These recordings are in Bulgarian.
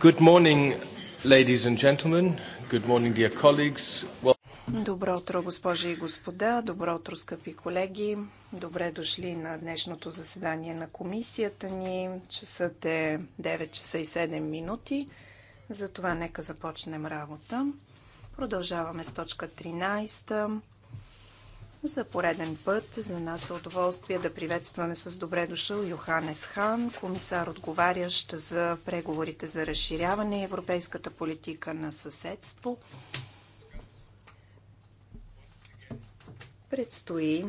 Good morning, ladies and gentlemen. Good morning, dear colleagues. Well... Добро утро, госпожи и господа. Добро утро, скъпи колеги. Добре дошли на днешното заседание на комисията ни. Часът е 9 часа и 7 минути. Затова нека започнем работа. Продължаваме с точка 13 за пореден път за нас е удоволствие да приветстваме с добре дошъл Йоханес Хан, комисар отговарящ за преговорите за разширяване и европейската политика на съседство. Предстои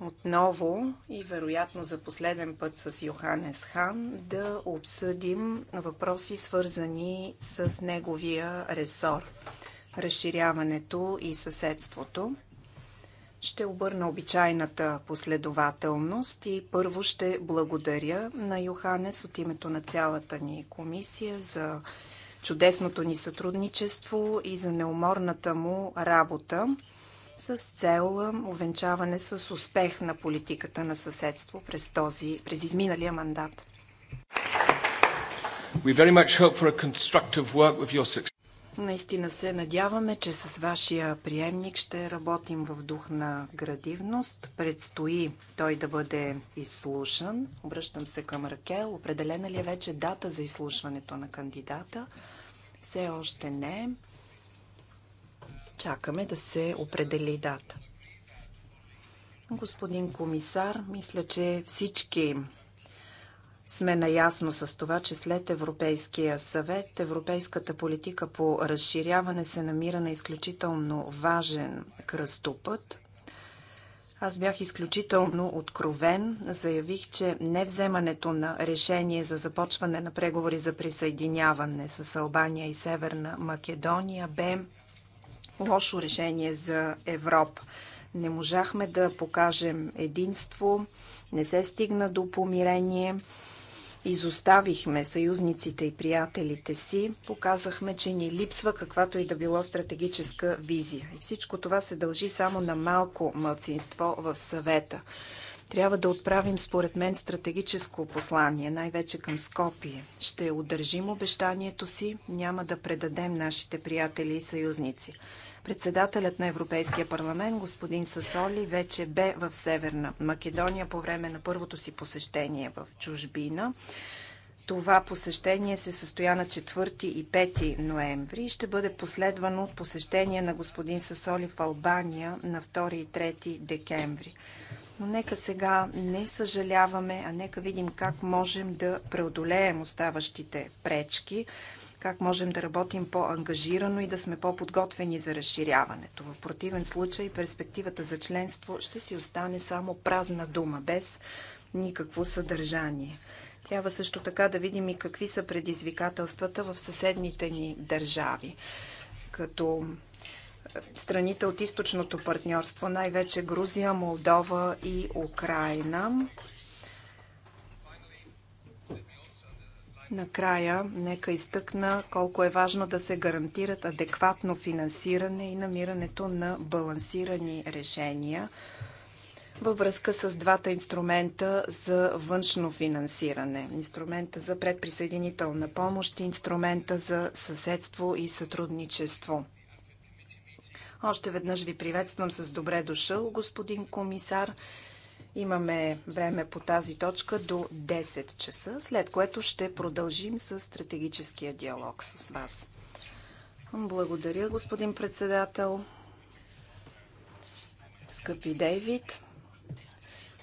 отново и вероятно за последен път с Йоханес Хан да обсъдим въпроси свързани с неговия ресор разширяването и съседството. Ще обърна обичайната последователност и първо ще благодаря на Йоханес от името на цялата ни комисия за чудесното ни сътрудничество и за неуморната му работа с цел увенчаване с успех на политиката на съседство през, този, през изминалия мандат. Наистина се надяваме, че с вашия приемник ще работим в дух на градивност. Предстои той да бъде изслушан. Обръщам се към Ракел. Определена ли е вече дата за изслушването на кандидата? Все още не. Чакаме да се определи дата. Господин комисар, мисля, че всички сме наясно с това, че след Европейския съвет европейската политика по разширяване се намира на изключително важен кръстопът. Аз бях изключително откровен. Заявих, че не вземането на решение за започване на преговори за присъединяване с Албания и Северна Македония бе лошо решение за Европа. Не можахме да покажем единство, не се стигна до помирение изоставихме съюзниците и приятелите си, показахме, че ни липсва каквато и да било стратегическа визия. И всичко това се дължи само на малко мълцинство в съвета. Трябва да отправим, според мен, стратегическо послание, най-вече към Скопие. Ще удържим обещанието си, няма да предадем нашите приятели и съюзници. Председателят на Европейския парламент, господин Сасоли, вече бе в Северна Македония по време на първото си посещение в чужбина. Това посещение се състоя на 4 и 5 ноември и ще бъде последвано от посещение на господин Сасоли в Албания на 2 и 3 декември. Но нека сега не съжаляваме, а нека видим как можем да преодолеем оставащите пречки, как можем да работим по-ангажирано и да сме по-подготвени за разширяването. В противен случай перспективата за членство ще си остане само празна дума, без никакво съдържание. Трябва също така да видим и какви са предизвикателствата в съседните ни държави, като е, страните от източното партньорство, най-вече Грузия, Молдова и Украина. Накрая, нека изтъкна колко е важно да се гарантират адекватно финансиране и намирането на балансирани решения във връзка с двата инструмента за външно финансиране. Инструмента за предприсъединителна помощ и инструмента за съседство и сътрудничество. Още веднъж ви приветствам с добре дошъл, господин комисар. Имаме време по тази точка до 10 часа, след което ще продължим с стратегическия диалог с вас. Благодаря, господин председател. Скъпи Дейвид,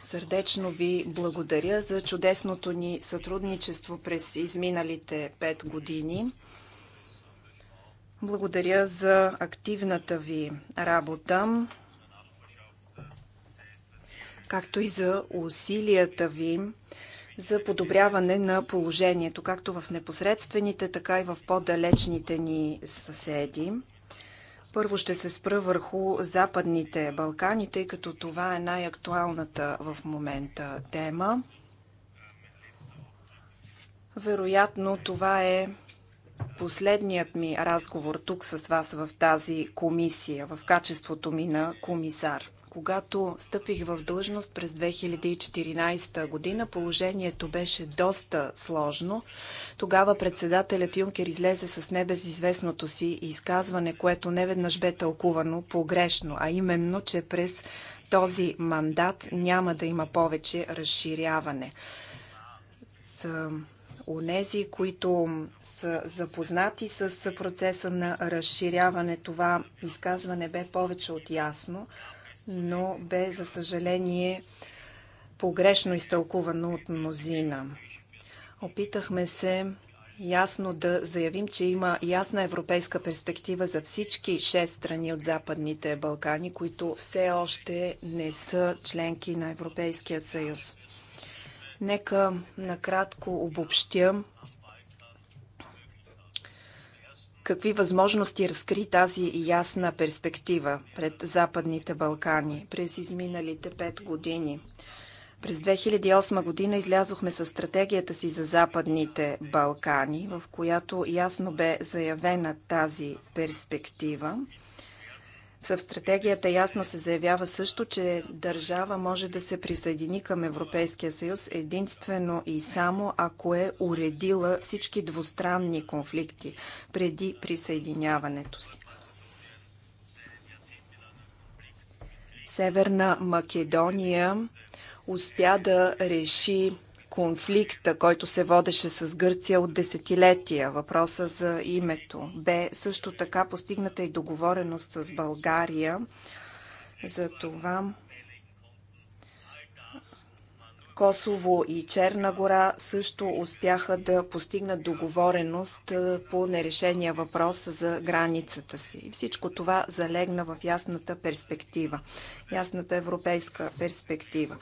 сърдечно ви благодаря за чудесното ни сътрудничество през изминалите 5 години. Благодаря за активната ви работа както и за усилията ви за подобряване на положението, както в непосредствените, така и в по-далечните ни съседи. Първо ще се спра върху Западните Балкани, тъй като това е най-актуалната в момента тема. Вероятно това е последният ми разговор тук с вас в тази комисия, в качеството ми на комисар. Когато стъпих в длъжност през 2014 година, положението беше доста сложно. Тогава председателят Юнкер излезе с небезизвестното си изказване, което неведнъж бе тълкувано погрешно, а именно, че през този мандат няма да има повече разширяване. С онези, които са запознати с процеса на разширяване, това изказване бе повече от ясно но бе, за съжаление, погрешно изтълкувано от мнозина. Опитахме се ясно да заявим, че има ясна европейска перспектива за всички шест страни от Западните Балкани, които все още не са членки на Европейския съюз. Нека накратко обобщя какви възможности разкри тази ясна перспектива пред Западните Балкани през изминалите пет години. През 2008 година излязохме със стратегията си за Западните Балкани, в която ясно бе заявена тази перспектива. В стратегията ясно се заявява също, че държава може да се присъедини към Европейския съюз единствено и само ако е уредила всички двустранни конфликти преди присъединяването си. Северна Македония успя да реши конфликта, който се водеше с Гърция от десетилетия, въпроса за името. Бе също така постигната и договореност с България за това Косово и Черна гора също успяха да постигнат договореност по нерешения въпрос за границата си. И всичко това залегна в ясната перспектива, ясната европейска перспектива.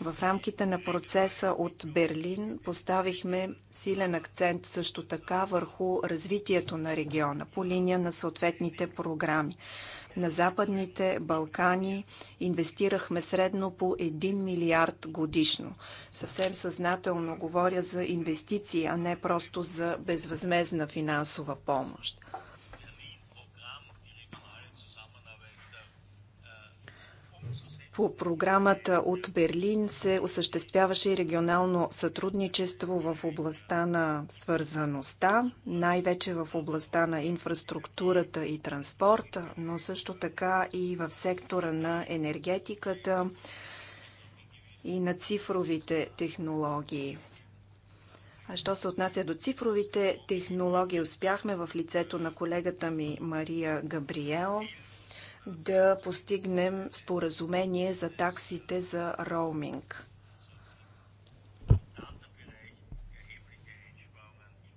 В рамките на процеса от Берлин поставихме силен акцент също така върху развитието на региона по линия на съответните програми. На Западните Балкани инвестирахме средно по 1 милиард годишно. Съвсем съзнателно говоря за инвестиции, а не просто за безвъзмезна финансова помощ. По програмата от Берлин се осъществяваше и регионално сътрудничество в областта на свързаността, най-вече в областта на инфраструктурата и транспорта, но също така и в сектора на енергетиката и на цифровите технологии. А що се отнася до цифровите технологии, успяхме в лицето на колегата ми Мария Габриел – да постигнем споразумение за таксите за роуминг.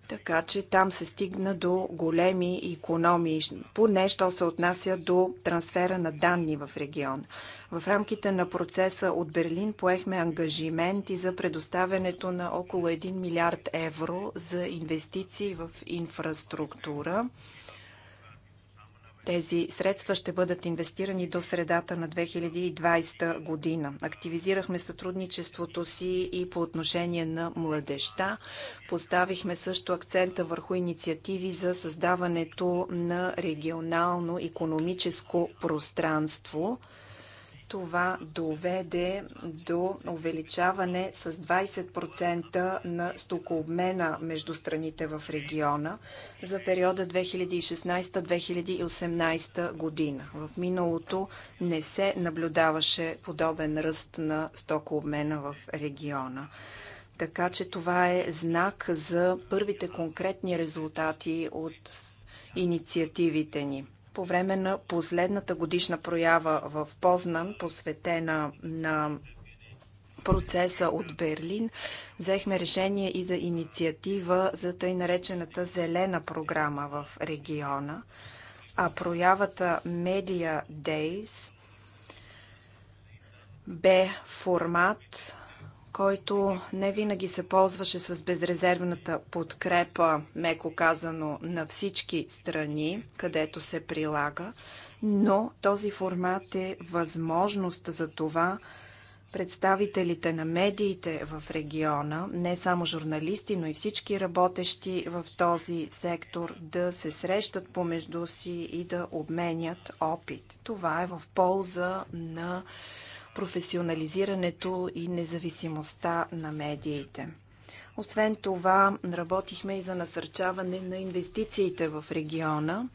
Така че там се стигна до големи економии, поне що се отнася до трансфера на данни в регион. В рамките на процеса от Берлин поехме ангажименти за предоставянето на около 1 милиард евро за инвестиции в инфраструктура. Тези средства ще бъдат инвестирани до средата на 2020 година. Активизирахме сътрудничеството си и по отношение на младеща. Поставихме също акцента върху инициативи за създаването на регионално економическо пространство – това доведе до увеличаване с 20% на стокообмена между страните в региона за периода 2016-2018 година. В миналото не се наблюдаваше подобен ръст на стокообмена в региона. Така че това е знак за първите конкретни резултати от инициативите ни. По време на последната годишна проява в Познан, посветена на процеса от Берлин, взехме решение и за инициатива за тъй наречената зелена програма в региона. А проявата Media Days бе формат който не винаги се ползваше с безрезервната подкрепа, меко казано, на всички страни, където се прилага, но този формат е възможност за това представителите на медиите в региона, не само журналисти, но и всички работещи в този сектор да се срещат помежду си и да обменят опит. Това е в полза на професионализирането и независимостта на медиите. Освен това, работихме и за насърчаване на инвестициите в региона.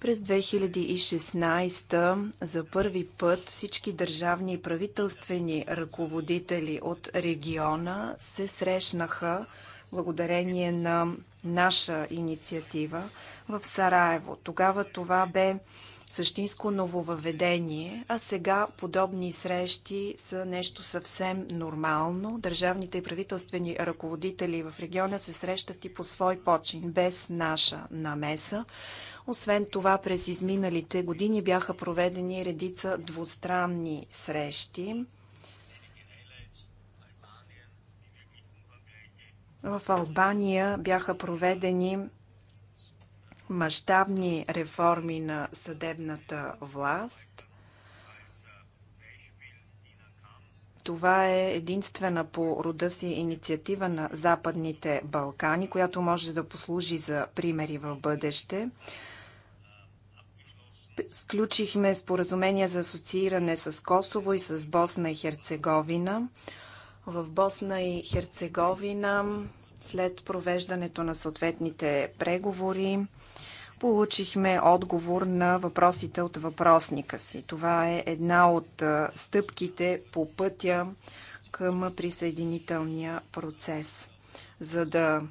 През 2016 за първи път всички държавни и правителствени ръководители от региона се срещнаха благодарение на наша инициатива в Сараево. Тогава това бе същинско нововъведение, а сега подобни срещи са нещо съвсем нормално. Държавните и правителствени ръководители в региона се срещат и по свой почин, без наша намеса. Освен това, през изминалите години бяха проведени редица двустранни срещи. В Албания бяха проведени мащабни реформи на съдебната власт. Това е единствена по рода си инициатива на Западните Балкани, която може да послужи за примери в бъдеще. Сключихме споразумение за асоцииране с Косово и с Босна и Херцеговина. В Босна и Херцеговина след провеждането на съответните преговори получихме отговор на въпросите от въпросника си. Това е една от стъпките по пътя към присъединителния процес. За да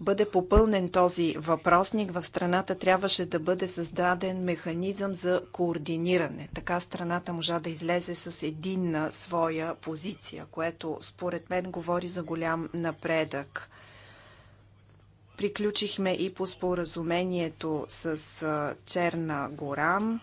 бъде попълнен този въпросник, в страната трябваше да бъде създаден механизъм за координиране. Така страната можа да излезе с единна своя позиция, което според мен говори за голям напредък. Приключихме и по споразумението с Черна гора.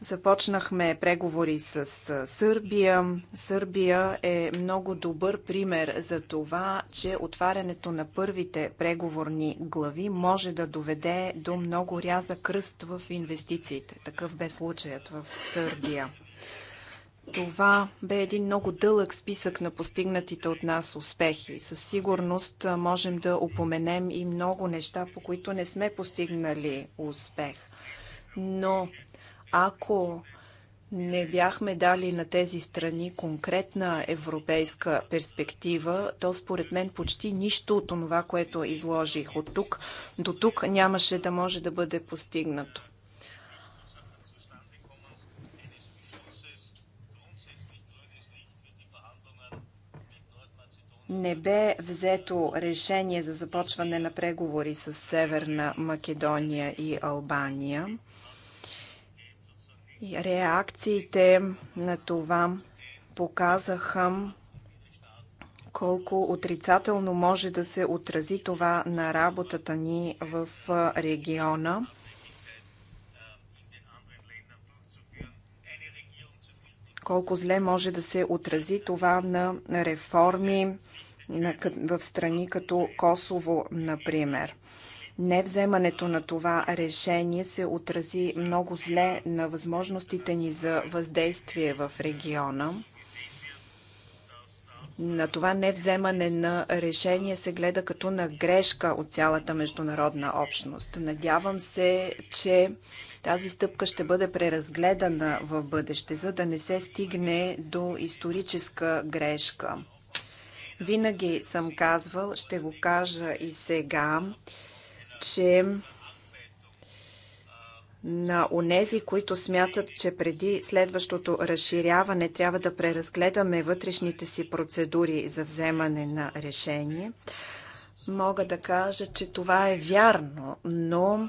Започнахме преговори с Сърбия. Сърбия е много добър пример за това, че отварянето на първите преговорни глави може да доведе до много ряза кръст в инвестициите. Такъв бе случаят в Сърбия. Това бе един много дълъг списък на постигнатите от нас успехи. Със сигурност можем да упоменем и много неща, по които не сме постигнали успех. Но ако не бяхме дали на тези страни конкретна европейска перспектива, то според мен почти нищо от това, което изложих от тук до тук, нямаше да може да бъде постигнато. не бе взето решение за започване на преговори с Северна Македония и Албания реакциите на това показаха колко отрицателно може да се отрази това на работата ни в региона. Колко зле може да се отрази това на реформи в страни като Косово, например. Невземането на това решение се отрази много зле на възможностите ни за въздействие в региона. На това невземане на решение се гледа като на грешка от цялата международна общност. Надявам се, че тази стъпка ще бъде преразгледана в бъдеще, за да не се стигне до историческа грешка. Винаги съм казвал, ще го кажа и сега, че на онези, които смятат, че преди следващото разширяване трябва да преразгледаме вътрешните си процедури за вземане на решение, мога да кажа, че това е вярно, но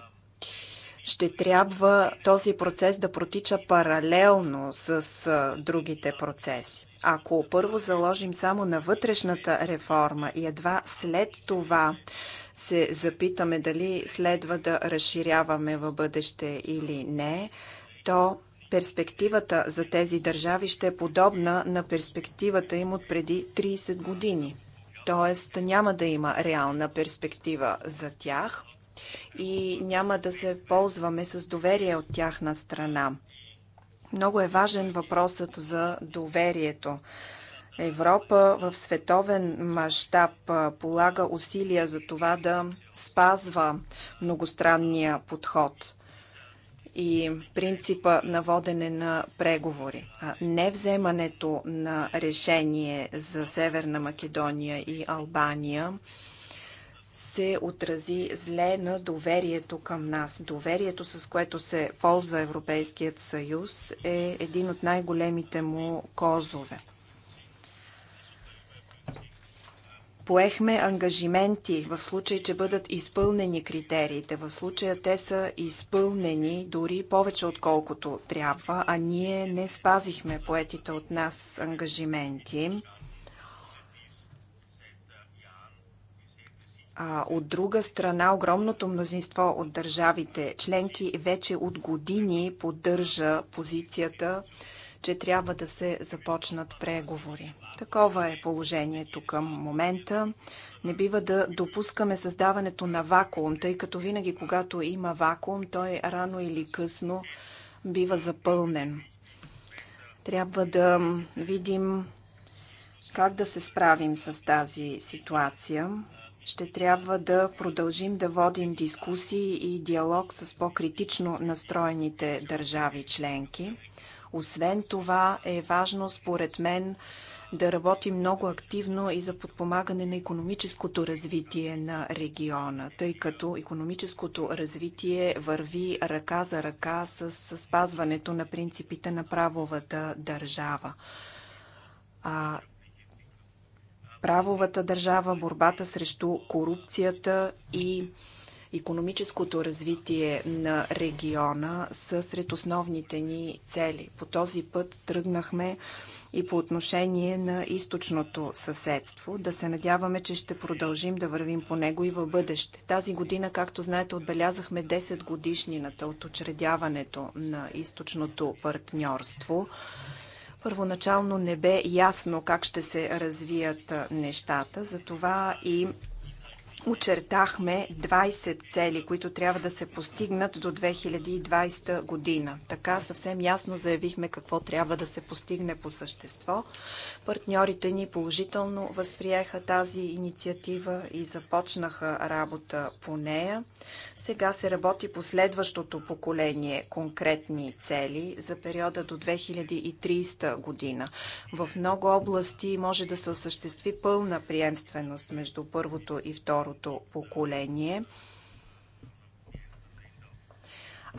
ще трябва този процес да протича паралелно с другите процеси. Ако първо заложим само на вътрешната реформа и едва след това се запитаме дали следва да разширяваме в бъдеще или не, то перспективата за тези държави ще е подобна на перспективата им от преди 30 години. Тоест няма да има реална перспектива за тях и няма да се ползваме с доверие от тяхна страна. Много е важен въпросът за доверието. Европа в световен мащаб полага усилия за това да спазва многостранния подход и принципа на водене на преговори. А не вземането на решение за Северна Македония и Албания се отрази зле на доверието към нас. Доверието, с което се ползва Европейският съюз, е един от най-големите му козове. Поехме ангажименти в случай, че бъдат изпълнени критериите. В случая те са изпълнени дори повече отколкото трябва, а ние не спазихме поетите от нас ангажименти. А от друга страна, огромното мнозинство от държавите членки вече от години поддържа позицията, че трябва да се започнат преговори. Такова е положението към момента. Не бива да допускаме създаването на вакуум, тъй като винаги, когато има вакуум, той рано или късно бива запълнен. Трябва да видим как да се справим с тази ситуация. Ще трябва да продължим да водим дискусии и диалог с по-критично настроените държави членки. Освен това е важно, според мен, да работим много активно и за подпомагане на економическото развитие на региона, тъй като економическото развитие върви ръка за ръка с спазването на принципите на правовата държава. А правовата държава, борбата срещу корупцията и економическото развитие на региона са сред основните ни цели. По този път тръгнахме и по отношение на източното съседство. Да се надяваме, че ще продължим да вървим по него и в бъдеще. Тази година, както знаете, отбелязахме 10 годишнината от очредяването на източното партньорство. Първоначално не бе ясно как ще се развият нещата, затова и очертахме 20 цели, които трябва да се постигнат до 2020 година. Така съвсем ясно заявихме какво трябва да се постигне по същество. Партньорите ни положително възприеха тази инициатива и започнаха работа по нея. Сега се работи по следващото поколение конкретни цели за периода до 2030 година. В много области може да се осъществи пълна приемственост между първото и второто поколение –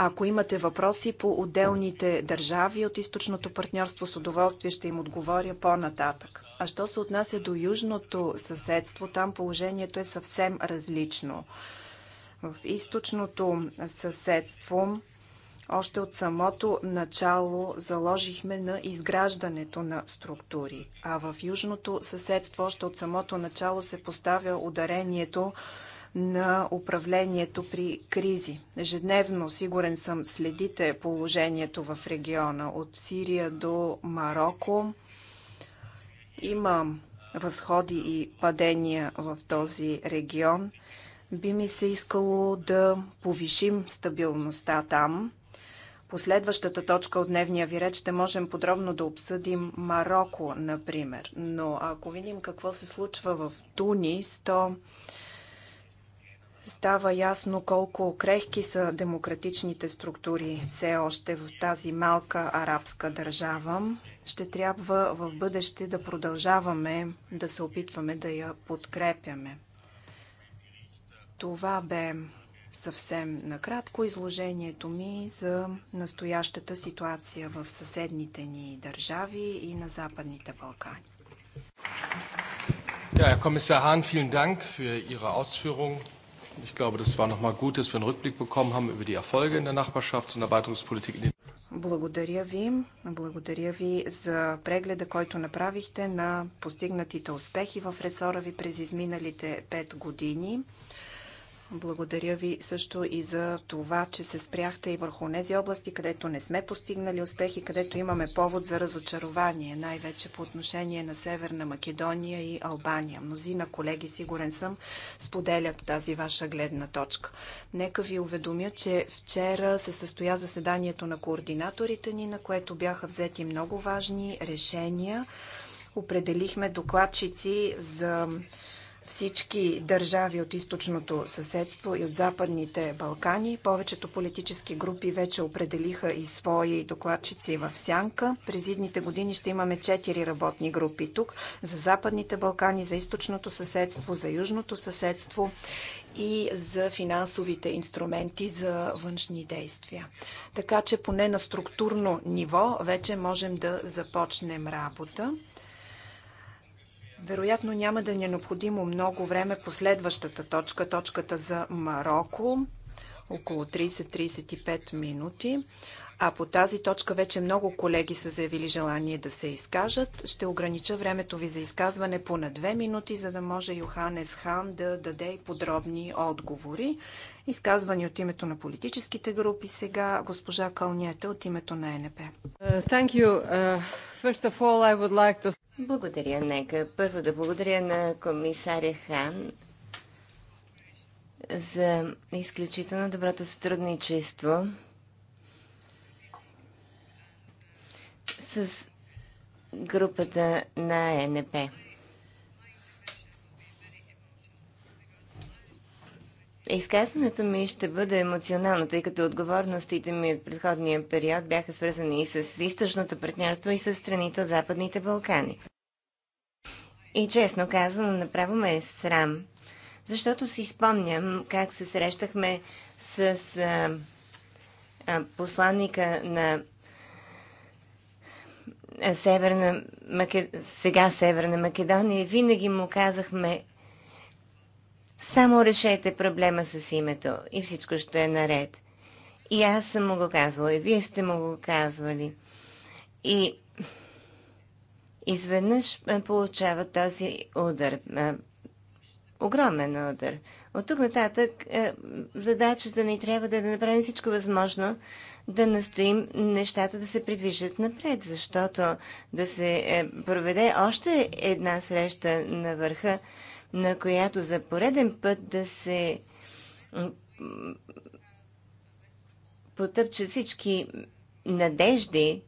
ако имате въпроси по отделните държави от източното партньорство, с удоволствие ще им отговоря по-нататък. А що се отнася до южното съседство, там положението е съвсем различно. В източното съседство още от самото начало заложихме на изграждането на структури, а в южното съседство още от самото начало се поставя ударението на управлението при кризи. Ежедневно, сигурен съм, следите положението в региона от Сирия до Марокко. Има възходи и падения в този регион. Би ми се искало да повишим стабилността там. Последващата точка от дневния ви реч ще можем подробно да обсъдим Марокко, например. Но ако видим какво се случва в Тунис, то Става ясно колко крехки са демократичните структури все още в тази малка арабска държава. Ще трябва в бъдеще да продължаваме да се опитваме да я подкрепяме. Това бе съвсем накратко изложението ми за настоящата ситуация в съседните ни държави и на Западните Балкани. Ja, Herr Kommissar Hahn, vielen Dank für Ihre Ausführungen. Ich glaube, das war nochmal gut, dass wir einen Rückblick bekommen haben über die Erfolge in der Nachbarschafts- und Erweiterungspolitik. In Благодаря ви. Благодаря ви за прегледа, който направихте на постигнатите успехи в ресора ви през изминалите 5 години. Благодаря ви също и за това, че се спряхте и върху тези области, където не сме постигнали успехи, където имаме повод за разочарование, най-вече по отношение на Северна Македония и Албания. Мнозина колеги, сигурен съм, споделят тази ваша гледна точка. Нека ви уведомя, че вчера се състоя заседанието на координаторите ни, на което бяха взети много важни решения. Определихме докладчици за всички държави от източното съседство и от западните Балкани. Повечето политически групи вече определиха и свои докладчици в Сянка. През идните години ще имаме четири работни групи тук за западните Балкани, за източното съседство, за южното съседство и за финансовите инструменти за външни действия. Така че поне на структурно ниво вече можем да започнем работа. Вероятно няма да ни е необходимо много време по следващата точка, точката за Марокко, около 30-35 минути. А по тази точка вече много колеги са заявили желание да се изкажат. Ще огранича времето ви за изказване по на две минути, за да може Йоханес Хан да даде подробни отговори. Изказвани от името на политическите групи сега госпожа Кълнията от името на НП. Uh, uh, благодаря, нека. Първо да благодаря на комисаря Хан за изключително доброто сътрудничество с групата на НП. Изказването ми ще бъде емоционално, тъй като отговорностите ми от предходния период бяха свързани и с източното партньорство, и с страните от Западните Балкани. И честно казано, направо ме е срам, защото си спомням как се срещахме с а, а, посланника на Северна Македония, сега Северна Македония, винаги му казахме само решете проблема с името и всичко ще е наред. И аз съм му го казвала, и вие сте му го казвали. И изведнъж получава този удар. Огромен удар. От тук нататък задачата ни трябва да е да направим всичко възможно да настоим нещата да се придвижат напред, защото да се е, проведе още една среща на върха на която за пореден път да се потъпча всички надежди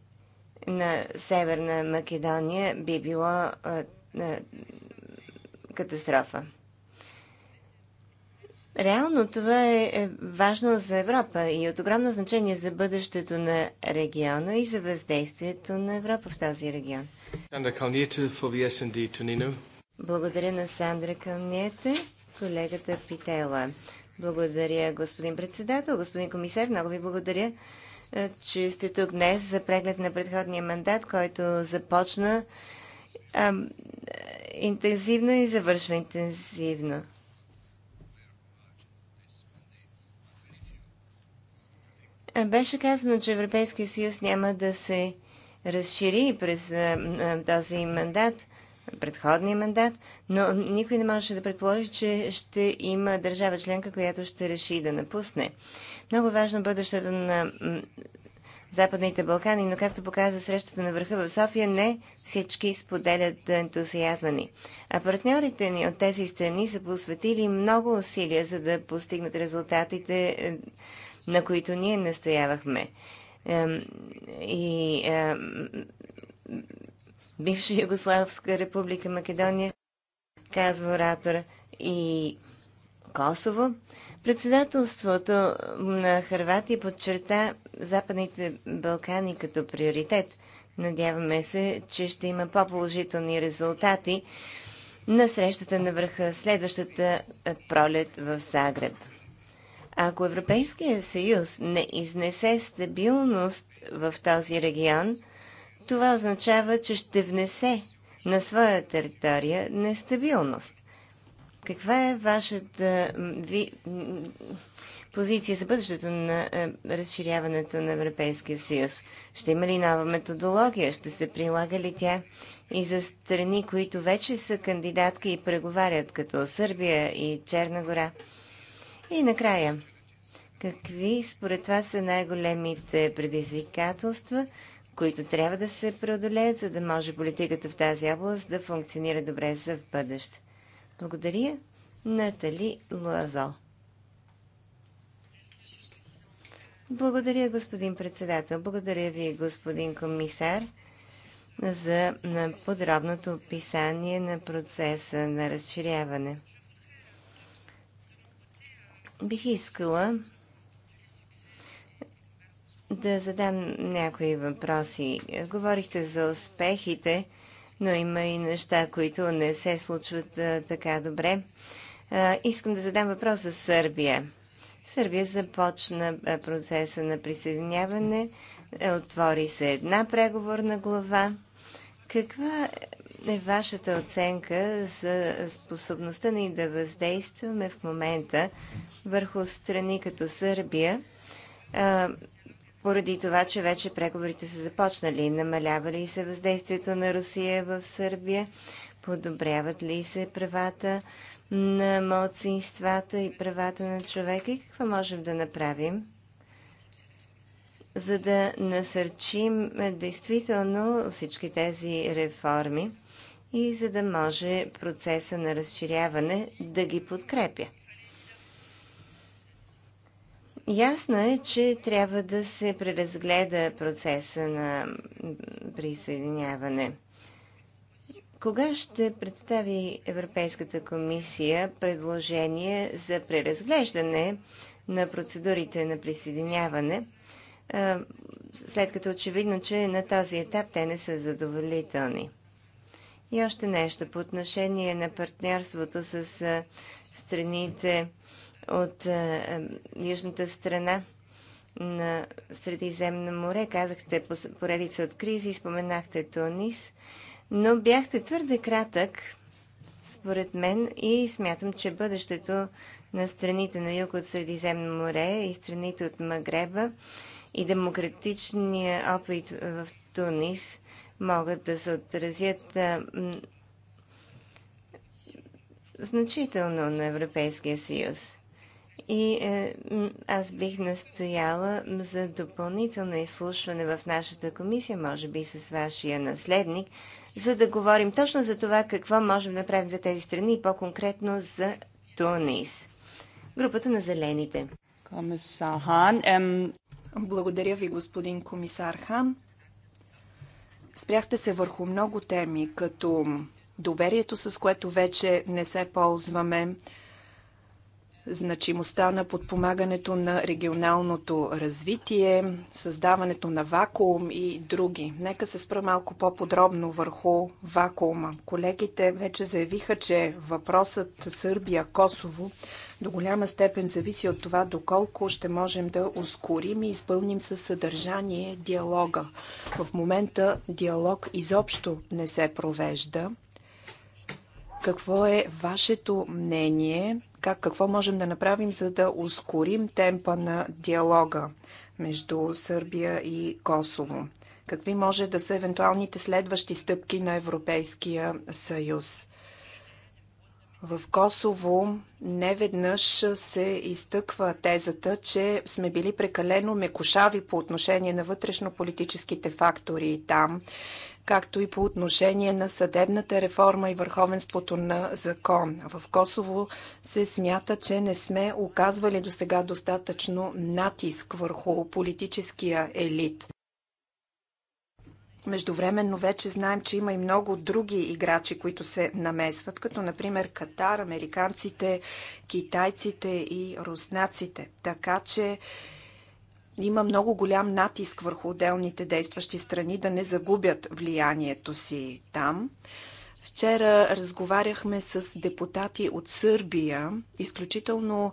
на Северна Македония, би било а, а, катастрофа. Реално това е, е важно за Европа и е от огромно значение за бъдещето на региона и за въздействието на Европа в този регион. Благодаря на Сандра Кълнете, колегата Питела. Благодаря, господин председател, господин комисар. Много ви благодаря, е, че сте тук днес за преглед на предходния мандат, който започна а, е, интензивно и завършва интензивно. Е, беше казано, че Европейския съюз няма да се разшири през а, този мандат – предходния мандат, но никой не можеше да предположи, че ще има държава членка, която ще реши да напусне. Много важно е бъдещето на Западните Балкани, но както показа срещата на върха в София, не всички споделят ентусиазма ни. А партньорите ни от тези страни са посветили много усилия, за да постигнат резултатите, е, на които ние настоявахме. И бивша Югославска република Македония, казва оратора, и Косово. Председателството на Харватия подчерта Западните Балкани като приоритет. Надяваме се, че ще има по-положителни резултати на срещата на върха следващата пролет в Загреб. Ако Европейския съюз не изнесе стабилност в този регион – това означава, че ще внесе на своя територия нестабилност. Каква е вашата ви, позиция за бъдещето на е, разширяването на Европейския съюз? Ще има ли нова методология? Ще се прилага ли тя и за страни, които вече са кандидатки и преговарят, като Сърбия и Черна гора? И накрая, какви според вас са най-големите предизвикателства които трябва да се преодолеят, за да може политиката в тази област да функционира добре за в бъдеще. Благодаря. Натали Лазо. Благодаря, господин председател. Благодаря ви, господин комисар, за подробното описание на процеса на разширяване. Бих искала да задам някои въпроси. Говорихте за успехите, но има и неща, които не се случват а, така добре. А, искам да задам въпрос за Сърбия. Сърбия започна процеса на присъединяване, отвори се една преговорна глава. Каква е вашата оценка за способността ни да въздействаме в момента върху страни като Сърбия? поради това, че вече преговорите са започнали. Намалява ли се въздействието на Русия в Сърбия? Подобряват ли се правата на младсинствата и правата на човека? И какво можем да направим? за да насърчим е, действително всички тези реформи и за да може процеса на разширяване да ги подкрепя. Ясно е, че трябва да се преразгледа процеса на присъединяване. Кога ще представи Европейската комисия предложение за преразглеждане на процедурите на присъединяване, след като очевидно, че на този етап те не са задоволителни? И още нещо по отношение на партньорството с страните от е, е, южната страна на Средиземно море. Казахте поредица от кризи, споменахте Тунис, но бяхте твърде кратък, според мен, и смятам, че бъдещето на страните на юг от Средиземно море и страните от Магреба и демократичния опит в Тунис могат да се отразят а, е, значително на Европейския съюз. И е, аз бих настояла за допълнително изслушване в нашата комисия, може би с вашия наследник, за да говорим точно за това какво можем да правим за тези страни и по-конкретно за Тунис. Групата на зелените. Комисар Хан. Ем... Благодаря ви, господин комисар Хан. Спряхте се върху много теми, като доверието, с което вече не се ползваме, значимостта на подпомагането на регионалното развитие, създаването на вакуум и други. Нека се спра малко по-подробно върху вакуума. Колегите вече заявиха, че въпросът Сърбия-Косово до голяма степен зависи от това доколко ще можем да ускорим и изпълним със съдържание диалога. В момента диалог изобщо не се провежда. Какво е вашето мнение как, какво можем да направим, за да ускорим темпа на диалога между Сърбия и Косово? Какви може да са евентуалните следващи стъпки на Европейския съюз? В Косово неведнъж се изтъква тезата, че сме били прекалено мекошави по отношение на вътрешно-политическите фактори там както и по отношение на съдебната реформа и върховенството на закон. В Косово се смята, че не сме оказвали до сега достатъчно натиск върху политическия елит. Междувременно вече знаем, че има и много други играчи, които се намесват, като например Катар, американците, китайците и руснаците. Така че има много голям натиск върху отделните действащи страни да не загубят влиянието си там. Вчера разговаряхме с депутати от Сърбия. Изключително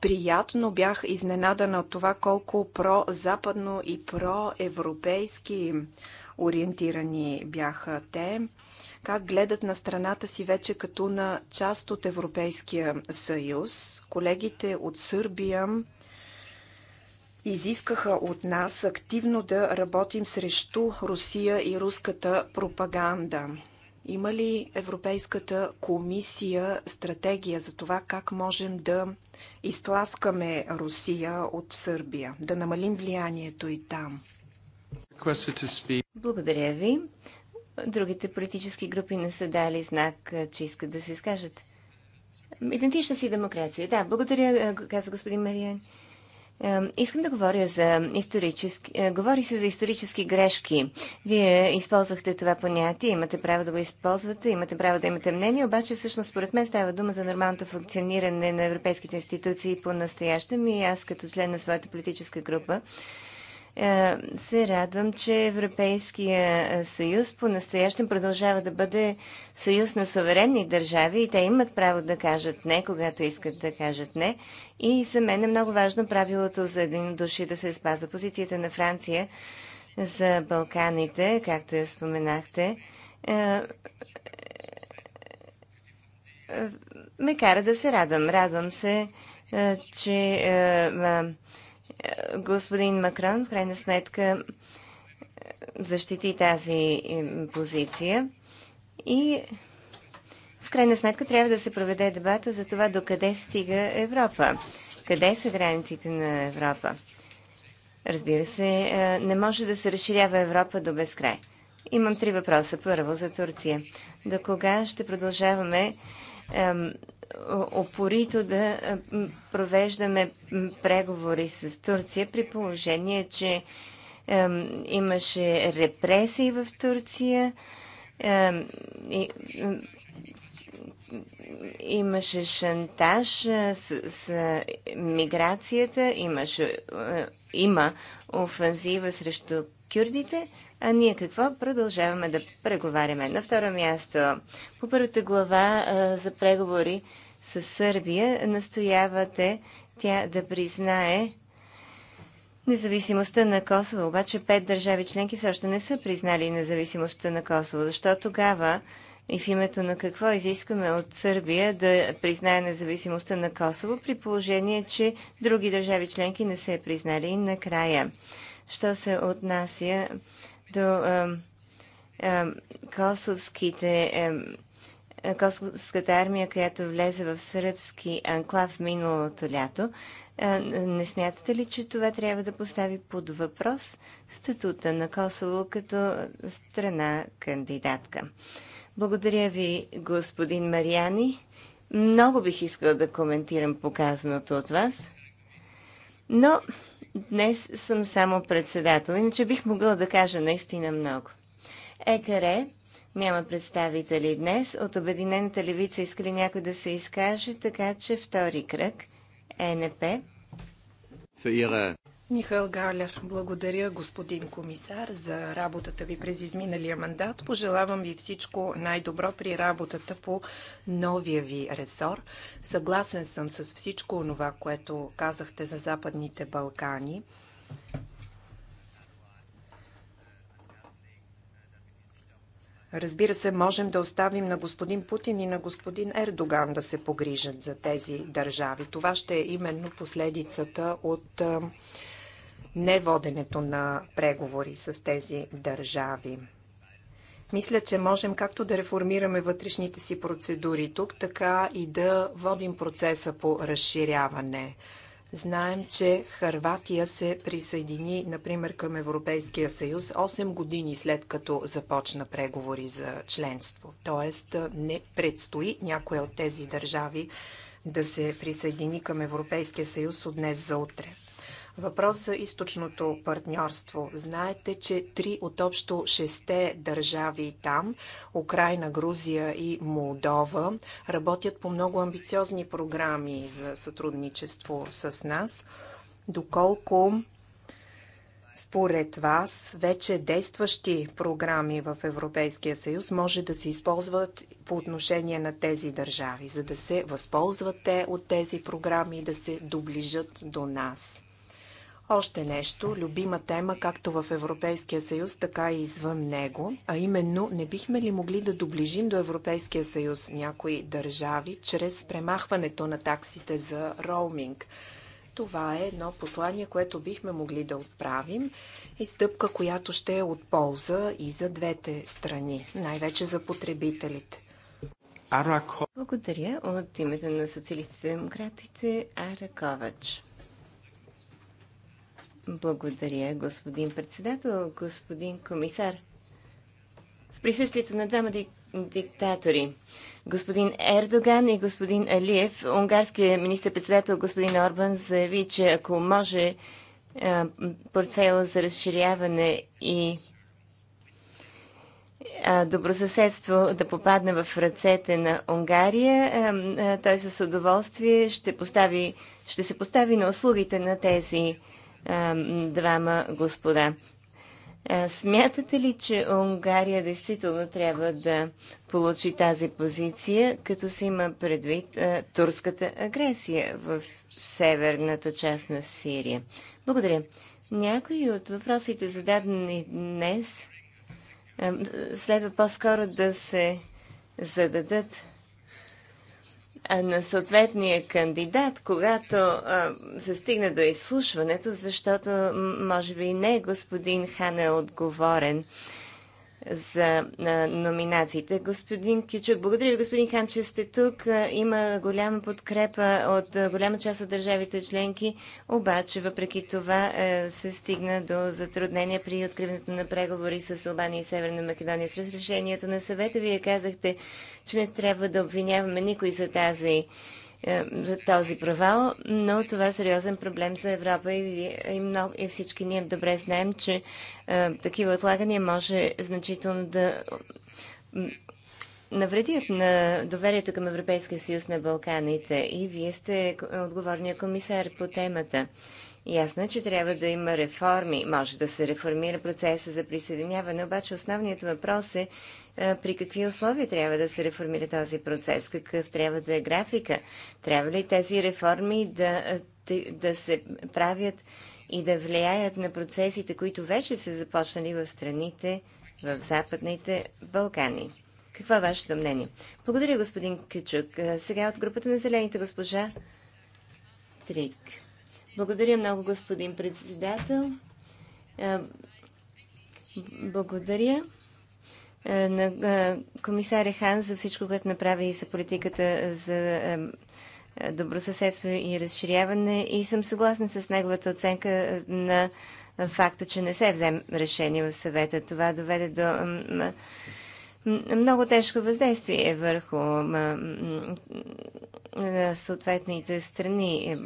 приятно бях изненадана от това колко про-западно и про-европейски ориентирани бяха те, как гледат на страната си вече като на част от Европейския съюз. Колегите от Сърбия изискаха от нас активно да работим срещу Русия и руската пропаганда. Има ли Европейската комисия стратегия за това как можем да изтласкаме Русия от Сърбия, да намалим влиянието и там? Благодаря ви. Другите политически групи не са дали знак, че искат да се изкажат. Идентична си демокрация. Да, благодаря, казва господин Мариан. Искам да говоря за исторически... Е, говори се за исторически грешки. Вие използвахте това понятие, имате право да го използвате, имате право да имате мнение, обаче всъщност според мен става дума за нормалното функциониране на европейските институции по настоящем и аз като член на своята политическа група е, се радвам, че Европейския е, съюз по настоящен продължава да бъде съюз на суверенни държави и те имат право да кажат не, когато искат да кажат не. И за мен е много важно правилото за един души да се спазва позицията на Франция за Балканите, както я споменахте. Е, ме кара да се радвам. Радвам се, че господин Макрон в крайна сметка защити тази е, позиция и в крайна сметка трябва да се проведе дебата за това докъде стига Европа. Къде са границите на Европа? Разбира се, е, не може да се разширява Европа до безкрай. Имам три въпроса. Първо за Турция. До кога ще продължаваме опорито да е, провеждаме преговори с Турция при положение, че имаше репресии в Турция, имаше шантаж е, с, с миграцията, имаше, е, има офанзива срещу кюрдите, а ние какво продължаваме да преговаряме. На второ място, по първата глава а, за преговори с Сърбия, настоявате тя да признае независимостта на Косово. Обаче пет държави членки все още не са признали независимостта на Косово. Защо тогава и в името на какво изискваме от Сърбия да признае независимостта на Косово, при положение, че други държави членки не са я е признали и накрая що се отнася до косовските, косовската армия, която влезе в сръбски анклав миналото лято, не смятате ли, че това трябва да постави под въпрос статута на Косово като страна кандидатка? Благодаря ви, господин Мариани. Много бих искала да коментирам показаното от вас, но Днес съм само председател, иначе бих могъл да кажа наистина много. Екаре няма представители днес. От Обединената левица искали някой да се изкаже, така че втори кръг. ЕНП. Михаил Галер, благодаря господин комисар за работата ви през изминалия мандат. Пожелавам ви всичко най-добро при работата по новия ви ресор. Съгласен съм с всичко това, което казахте за Западните Балкани. Разбира се, можем да оставим на господин Путин и на господин Ердоган да се погрижат за тези държави. Това ще е именно последицата от неводенето на преговори с тези държави. Мисля, че можем както да реформираме вътрешните си процедури тук, така и да водим процеса по разширяване. Знаем, че Харватия се присъедини, например, към Европейския съюз 8 години след като започна преговори за членство. Тоест не предстои някоя от тези държави да се присъедини към Европейския съюз от днес за утре. Въпрос за източното партньорство. Знаете, че три от общо шесте държави там, Украина, Грузия и Молдова, работят по много амбициозни програми за сътрудничество с нас. Доколко според вас вече действащи програми в Европейския съюз може да се използват по отношение на тези държави, за да се възползват те от тези програми и да се доближат до нас? Още нещо, любима тема както в Европейския съюз, така и извън него, а именно не бихме ли могли да доближим до Европейския съюз някои държави чрез премахването на таксите за роуминг? Това е едно послание, което бихме могли да отправим и стъпка, която ще е от полза и за двете страни, най-вече за потребителите. Благодаря от името на социалистите демократите Ара Ковач. Благодаря, господин председател, господин комисар. В присъствието на двама диктатори, господин Ердоган и господин Алиев, унгарският министр-председател господин Орбан заяви, че ако може портфейла за разширяване и добросъседство да попадне в ръцете на Унгария, той с удоволствие ще, постави, ще се постави на услугите на тези двама господа. смятате ли, че Унгария действително трябва да получи тази позиция, като се има предвид турската агресия в северната част на Сирия? Благодаря. Някои от въпросите, зададени днес, следва по-скоро да се зададат на съответния кандидат, когато а, се стигне до изслушването, защото може би не е господин Хан е отговорен за номинациите. Господин Кичук, благодаря ви, господин Хан, че сте тук. Има голяма подкрепа от голяма част от държавите членки, обаче въпреки това се стигна до затруднения при откриването на преговори с Албания и Северна Македония. С разрешението на съвета вие казахте, че не трябва да обвиняваме никой за тази е, за този провал, но това е сериозен проблем за Европа и, и, много, и всички ние добре знаем, че е, такива отлагания може значително да навредят на доверието към Европейския съюз на Балканите и вие сте отговорния комисар по темата. Ясно е, че трябва да има реформи. Може да се реформира процеса за присъединяване, обаче основният въпрос е при какви условия трябва да се реформира този процес, какъв трябва да е графика, трябва ли тези реформи да, да се правят и да влияят на процесите, които вече са започнали в страните, в Западните Балкани. Какво е вашето мнение? Благодаря, господин Кичук. Сега от групата на зелените госпожа Трик. Благодаря много, господин председател. Е, благодаря е, на е, комисаря Хан за всичко, което направи и за политиката за добросъседство и разширяване и съм съгласна с неговата оценка на факта, че не се вземе решение в съвета. Това доведе до много тежко въздействие е върху съответните страни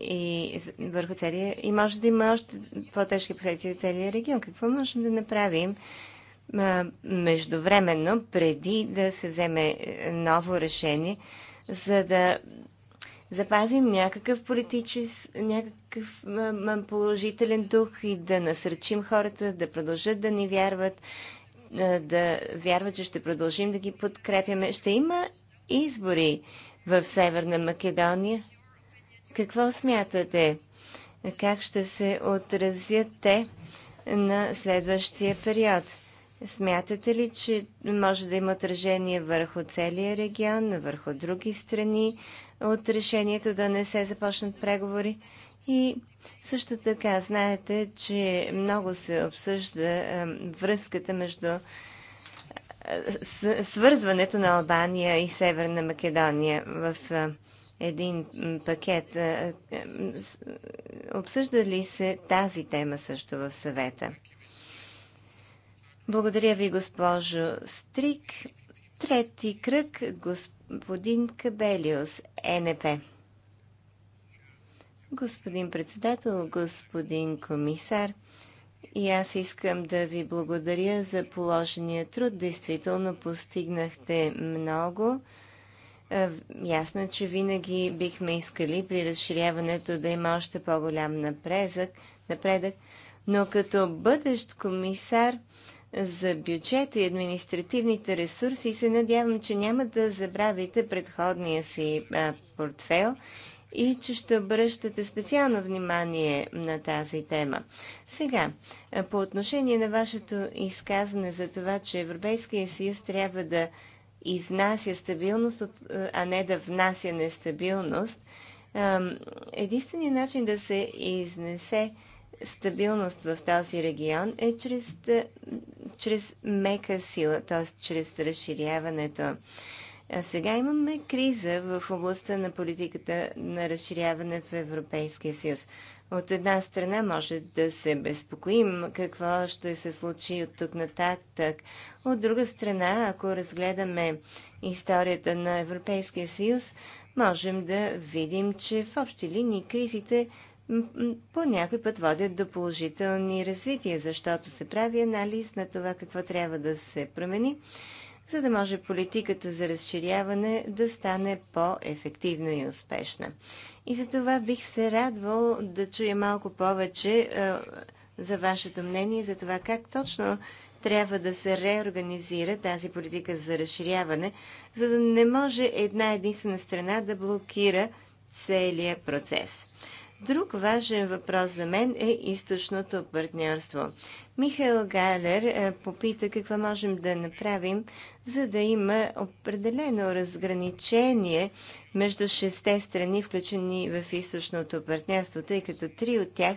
и върху целия и може да има още по-тежки последици за целия регион. Какво можем да направим междувременно, преди да се вземе е, ново решение, за да запазим някакъв политически, някакъв положителен дух и да насърчим хората да продължат да ни вярват е, да вярват, че ще продължим да ги подкрепяме. Ще има избори в Северна Македония. Какво смятате? Как ще се отразят те на следващия период? Смятате ли, че може да има отражение върху целия регион, върху други страни от решението да не се започнат преговори? И също така, знаете, че много се обсъжда връзката между свързването на Албания и Северна Македония в един пакет. Обсъжда ли се тази тема също в съвета? Благодаря ви, госпожо Стрик. Трети кръг, господин Кабелиус, НП. Господин председател, господин комисар, и аз искам да ви благодаря за положения труд. Действително постигнахте много. Е, ясно че винаги бихме искали при разширяването да има още по-голям напредък, напредък, но като бъдещ комисар за бюджета и административните ресурси се надявам, че няма да забравите предходния си портфел и че ще обръщате специално внимание на тази тема. Сега, по отношение на вашето изказване за това, че Европейския съюз трябва да изнася стабилност, а не да внася нестабилност, единственият начин да се изнесе стабилност в този регион е чрез, чрез мека сила, т.е. чрез разширяването а сега имаме криза в областта на политиката на разширяване в Европейския съюз. От една страна може да се безпокоим какво ще се случи от тук на так-так. От друга страна, ако разгледаме историята на Европейския съюз, можем да видим, че в общи линии кризите по някой път водят до положителни развития, защото се прави анализ на това какво трябва да се промени за да може политиката за разширяване да стане по-ефективна и успешна. И за това бих се радвал да чуя малко повече е, за вашето мнение за това как точно трябва да се реорганизира тази политика за разширяване, за да не може една единствена страна да блокира целият процес. Друг важен въпрос за мен е източното партньорство. Михаил Галер е, попита какво можем да направим, за да има определено разграничение между шесте страни, включени в източното партньорство, тъй като три от тях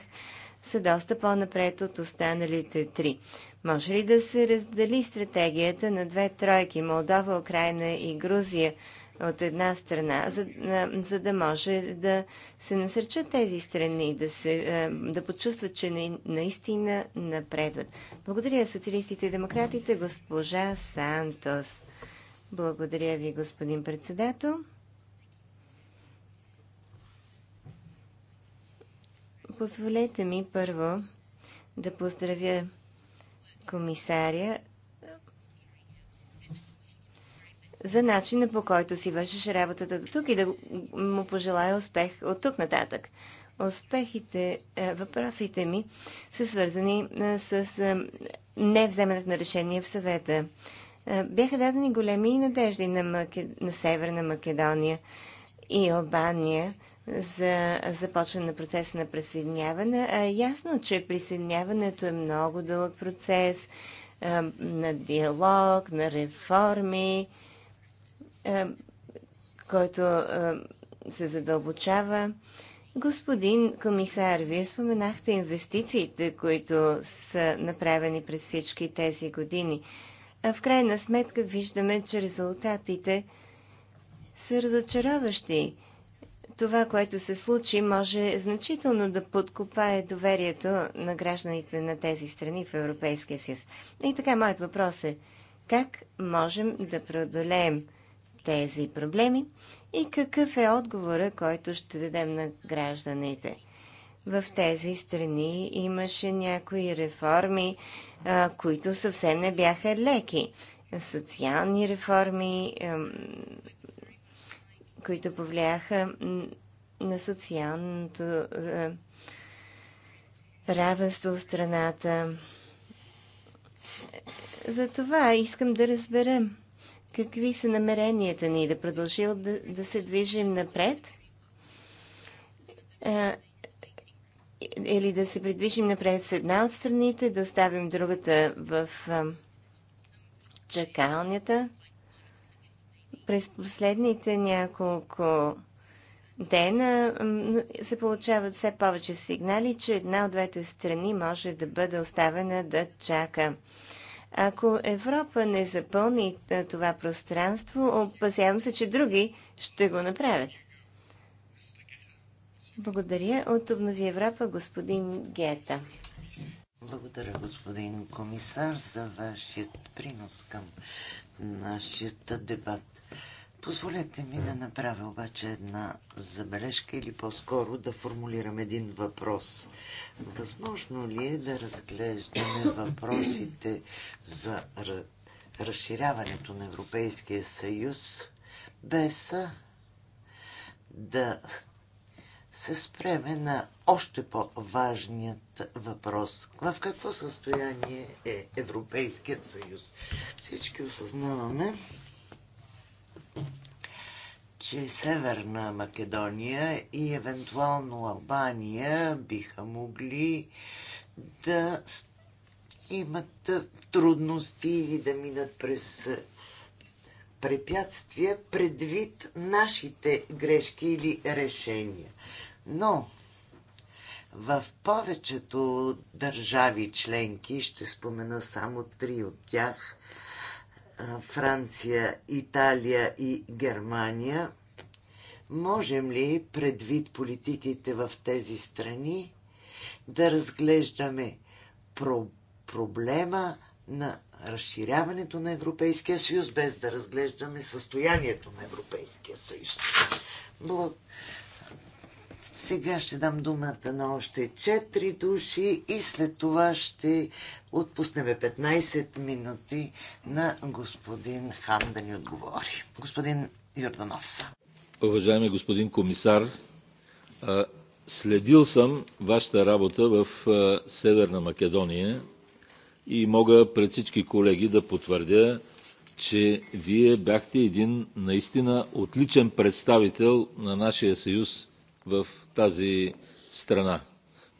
са доста по-напред от останалите три. Може ли да се раздели стратегията на две тройки Молдова, Украина и Грузия – от една страна, за, за да може да се насърчат тези страни, да, се, да почувстват, че наистина напредват. Благодаря социалистите и демократите, госпожа Сантос. Благодаря ви, господин председател. Позволете ми първо да поздравя комисаря за начина по който си вършиш работата до тук и да му пожелая успех от тук нататък. Успехите, е, въпросите ми са свързани е, с е, невземането на решение в съвета. Бяха дадени големи надежди на, Маке... на Северна Македония и Албания за започване на процеса на присъединяване. ясно, че присъединяването е много дълъг процес на диалог, на реформи, е, който е, се задълбочава. Господин комисар, вие споменахте инвестициите, които са направени през всички тези години. А в крайна сметка виждаме, че резултатите са разочароващи. Това, което се случи, може значително да подкопае доверието на гражданите на тези страни в Европейския съюз. И така, моят въпрос е, как можем да преодолеем тези проблеми и какъв е отговора, който ще дадем на гражданите. В тези страни имаше някои реформи, а, които съвсем не бяха леки. Социални реформи, а, които повлияха на социалното а, равенство в страната. За това искам да разберем Какви са намеренията ни да продължим да, да се движим напред? А, или да се придвижим напред с една от страните, да оставим другата в а, чакалнята? През последните няколко дена се получават все повече сигнали, че една от двете страни може да бъде оставена да чака. Ако Европа не запълни това пространство, опасявам се, че други ще го направят. Благодаря. От Обнови Европа господин Гета. Благодаря, господин комисар, за вашият принос към нашия дебат. Позволете ми да направя обаче една забележка или по-скоро да формулирам един въпрос. Възможно ли е да разглеждаме въпросите за разширяването на Европейския съюз без да се спреме на още по-важният въпрос. В какво състояние е Европейският съюз? Всички осъзнаваме, че Северна Македония и евентуално Албания биха могли да имат трудности или да минат през препятствия предвид нашите грешки или решения. Но в повечето държави членки, ще спомена само три от тях, Франция, Италия и Германия. Можем ли предвид политиките в тези страни да разглеждаме про- проблема на разширяването на Европейския съюз, без да разглеждаме състоянието на Европейския съюз? Благодаря. Сега ще дам думата на още 4 души и след това ще отпуснем 15 минути на господин Хан да ни отговори. Господин Йорданов. Уважаеми господин комисар, следил съм вашата работа в Северна Македония и мога пред всички колеги да потвърдя, че вие бяхте един наистина отличен представител на нашия съюз в тази страна.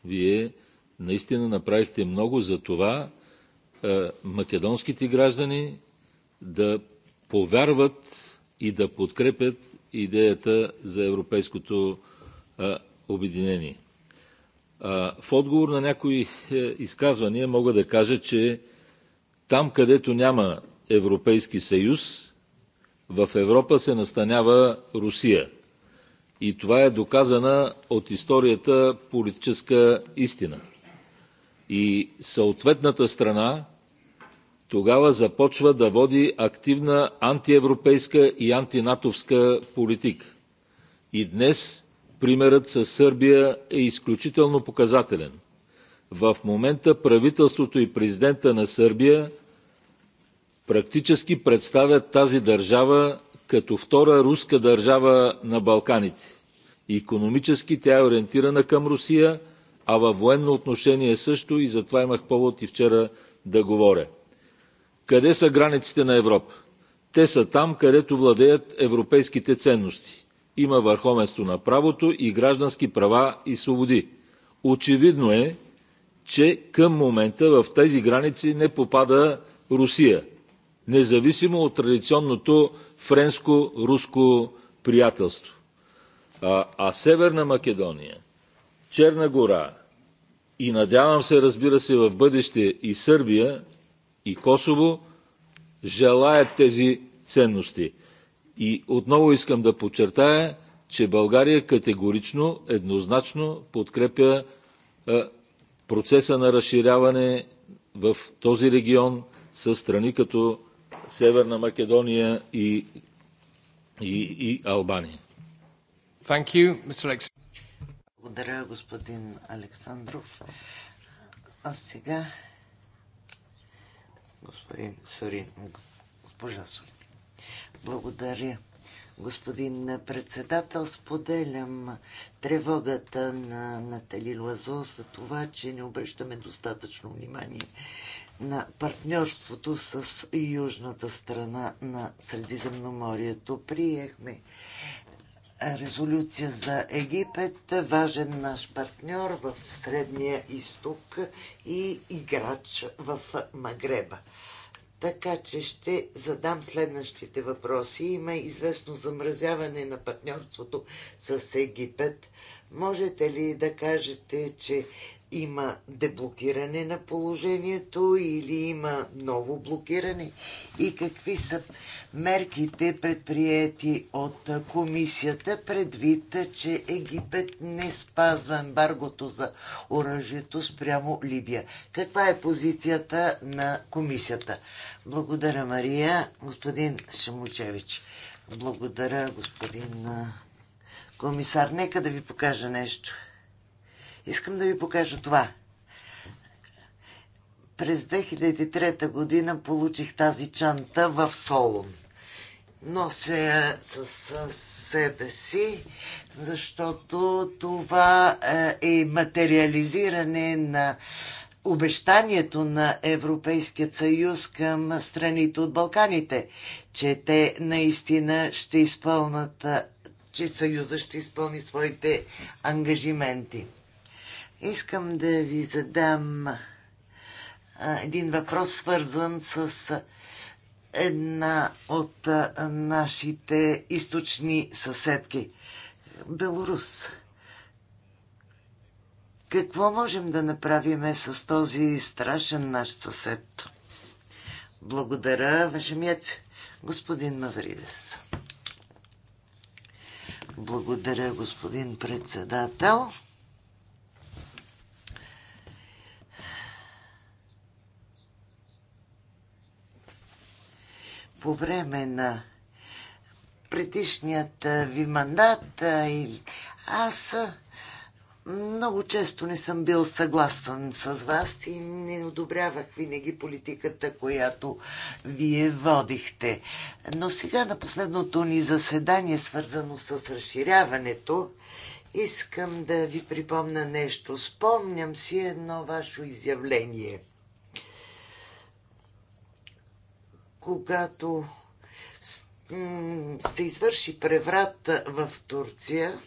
Вие наистина направихте много за това е, македонските граждани да повярват и да подкрепят идеята за европейското е, обединение. Е, в отговор на някои изказвания мога да кажа, че там, където няма Европейски съюз, в Европа се настанява Русия – и това е доказана от историята политическа истина. И съответната страна тогава започва да води активна антиевропейска и антинатовска политика. И днес примерът със Сърбия е изключително показателен. В момента правителството и президента на Сърбия практически представят тази държава като втора руска държава на Балканите. Икономически тя е ориентирана към Русия, а във военно отношение също и затова имах повод и вчера да говоря. Къде са границите на Европа? Те са там, където владеят европейските ценности. Има върховенство на правото и граждански права и свободи. Очевидно е, че към момента в тези граници не попада Русия независимо от традиционното френско-руско приятелство. А, а Северна Македония, Черна гора и надявам се, разбира се, в бъдеще и Сърбия, и Косово желаят тези ценности. И отново искам да подчертая, че България категорично, еднозначно подкрепя процеса на разширяване в този регион със страни като Северна Македония и, и, и Албания. Thank you, Mr. Благодаря, господин Александров. А сега господин Сорин, госпожа Сорин. Благодаря. Господин председател, споделям тревогата на Натали Лазо за това, че не обръщаме достатъчно внимание на партньорството с южната страна на Средиземноморието. Приехме резолюция за Египет, важен наш партньор в Средния изток и играч в Магреба. Така че ще задам следващите въпроси. Има известно замразяване на партньорството с Египет. Можете ли да кажете, че има деблокиране на положението или има ново блокиране и какви са мерките предприяти от комисията предвид, че Египет не спазва ембаргото за оръжието спрямо Либия. Каква е позицията на комисията? Благодаря, Мария. Господин Шамучевич. Благодаря, господин комисар. Нека да ви покажа нещо. Искам да ви покажа това. През 2003 година получих тази чанта в Солун. Нося със себе си, защото това е, е материализиране на обещанието на Европейският съюз към страните от Балканите, че те наистина ще изпълнат, е, че съюза ще изпълни своите ангажименти. Искам да ви задам един въпрос, свързан с една от нашите източни съседки Белорус, Какво можем да направим с този страшен наш съсед? Благодаря, Вашемец, господин Мавридес. Благодаря, господин председател. по време на предишният ви мандат и аз много често не съм бил съгласен с вас и не одобрявах винаги политиката, която вие водихте. Но сега на последното ни заседание, свързано с разширяването, искам да ви припомна нещо. Спомням си едно ваше изявление – когато се извърши преврат в Турция,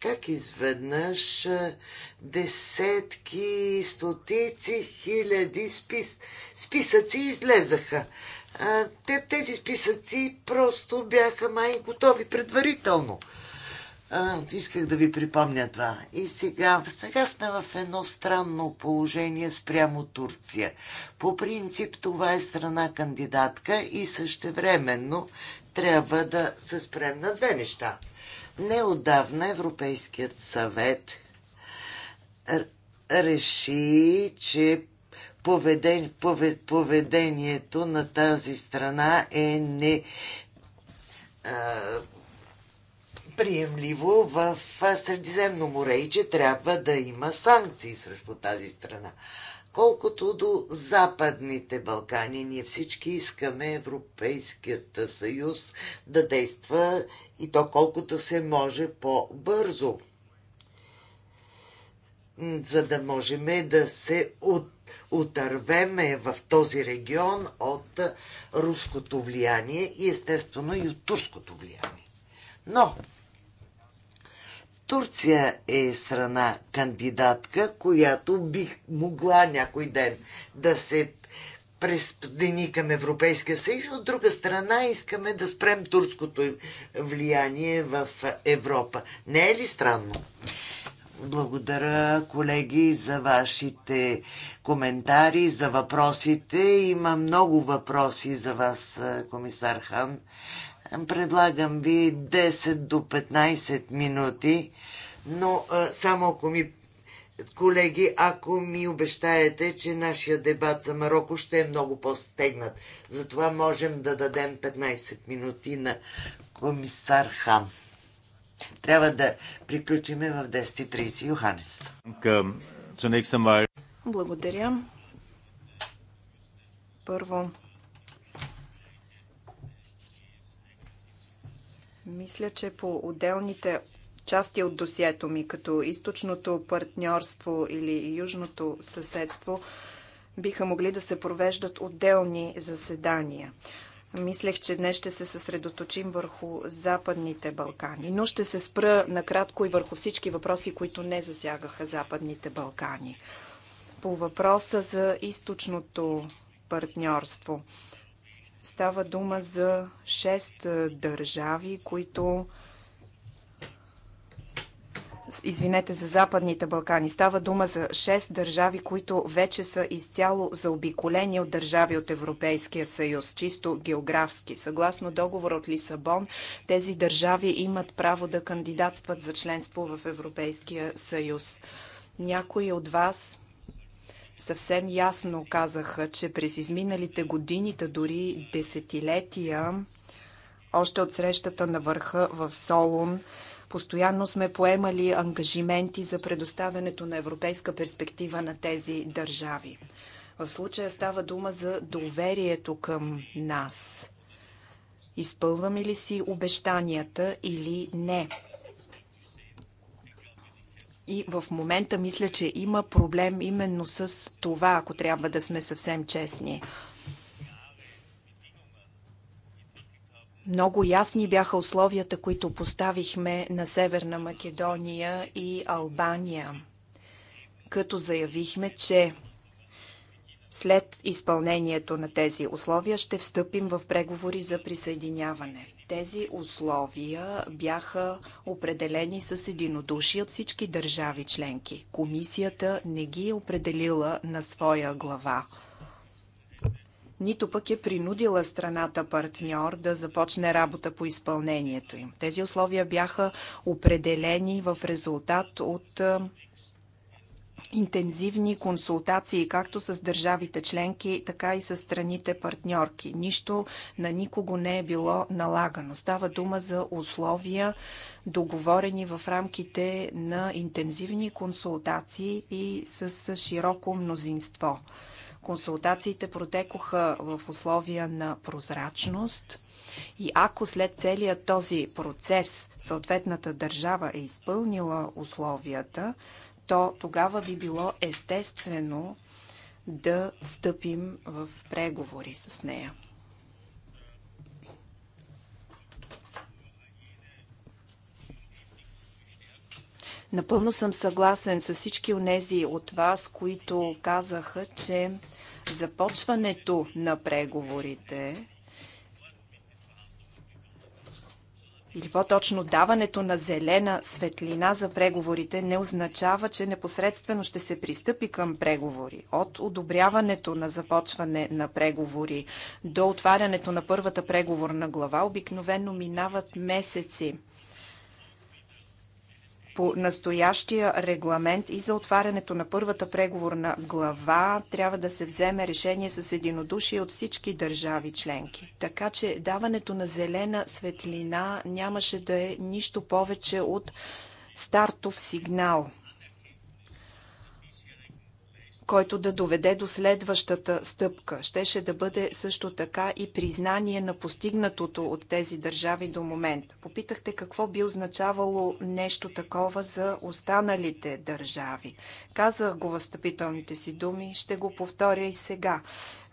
как изведнъж десетки, стотици, хиляди спис, списъци излезаха. тези списъци просто бяха май готови предварително исках да ви припомня това. И сега, сега сме в едно странно положение спрямо Турция. По принцип това е страна кандидатка и същевременно трябва да се спрем на две неща. Неодавна Европейският съвет реши, че поведен, повед, поведението на тази страна е не а, неприемливо в Средиземно море и че трябва да има санкции срещу тази страна. Колкото до Западните Балкани, ние всички искаме Европейският съюз да действа и то колкото се може по-бързо, за да можем да се от, отървеме в този регион от руското влияние и естествено и от турското влияние. Но Турция е страна кандидатка, която би могла някой ден да се пресъедини към Европейския съюз. От друга страна искаме да спрем турското влияние в Европа. Не е ли странно? Благодаря, колеги, за вашите коментари, за въпросите. Има много въпроси за вас, комисар Хан. Предлагам ви 10 до 15 минути, но само ако ми колеги, ако ми обещаете, че нашия дебат за Марокко ще е много по-стегнат. Затова можем да дадем 15 минути на комисар Хан. Трябва да приключиме в 10.30. Йоханес. Благодаря. Първо, Мисля, че по отделните части от досието ми, като източното партньорство или южното съседство, биха могли да се провеждат отделни заседания. Мислех, че днес ще се съсредоточим върху Западните Балкани, но ще се спра накратко и върху всички въпроси, които не засягаха Западните Балкани. По въпроса за източното партньорство – Става дума за 6 държави, които извинете, за Западните Балкани. Става дума за 6 държави, които вече са изцяло заобиколени от държави от Европейския съюз, чисто географски. Съгласно договора от Лисабон, тези държави имат право да кандидатстват за членство в Европейския съюз. Някои от вас съвсем ясно казаха, че през изминалите годините, дори десетилетия, още от срещата на върха в Солун, постоянно сме поемали ангажименти за предоставянето на европейска перспектива на тези държави. В случая става дума за доверието към нас. Изпълваме ли си обещанията или не? И в момента мисля, че има проблем именно с това, ако трябва да сме съвсем честни. Много ясни бяха условията, които поставихме на Северна Македония и Албания, като заявихме, че след изпълнението на тези условия ще встъпим в преговори за присъединяване. Тези условия бяха определени с единодушие от всички държави членки. Комисията не ги е определила на своя глава нито пък е принудила страната партньор да започне работа по изпълнението им. Тези условия бяха определени в резултат от интензивни консултации както с държавите членки, така и с страните партньорки. Нищо на никого не е било налагано. Става дума за условия, договорени в рамките на интензивни консултации и с широко мнозинство. Консултациите протекоха в условия на прозрачност – и ако след целия този процес съответната държава е изпълнила условията, то тогава би било естествено да встъпим в преговори с нея. Напълно съм съгласен с всички тези от вас, които казаха, че започването на преговорите или по-точно даването на зелена светлина за преговорите не означава, че непосредствено ще се пристъпи към преговори. От одобряването на започване на преговори до отварянето на първата преговорна глава обикновено минават месеци по настоящия регламент и за отварянето на първата преговорна глава трябва да се вземе решение с единодушие от всички държави членки. Така че даването на зелена светлина нямаше да е нищо повече от стартов сигнал – който да доведе до следващата стъпка. Щеше да бъде също така и признание на постигнатото от тези държави до момента. Попитахте какво би означавало нещо такова за останалите държави. Казах го във встъпителните си думи, ще го повторя и сега.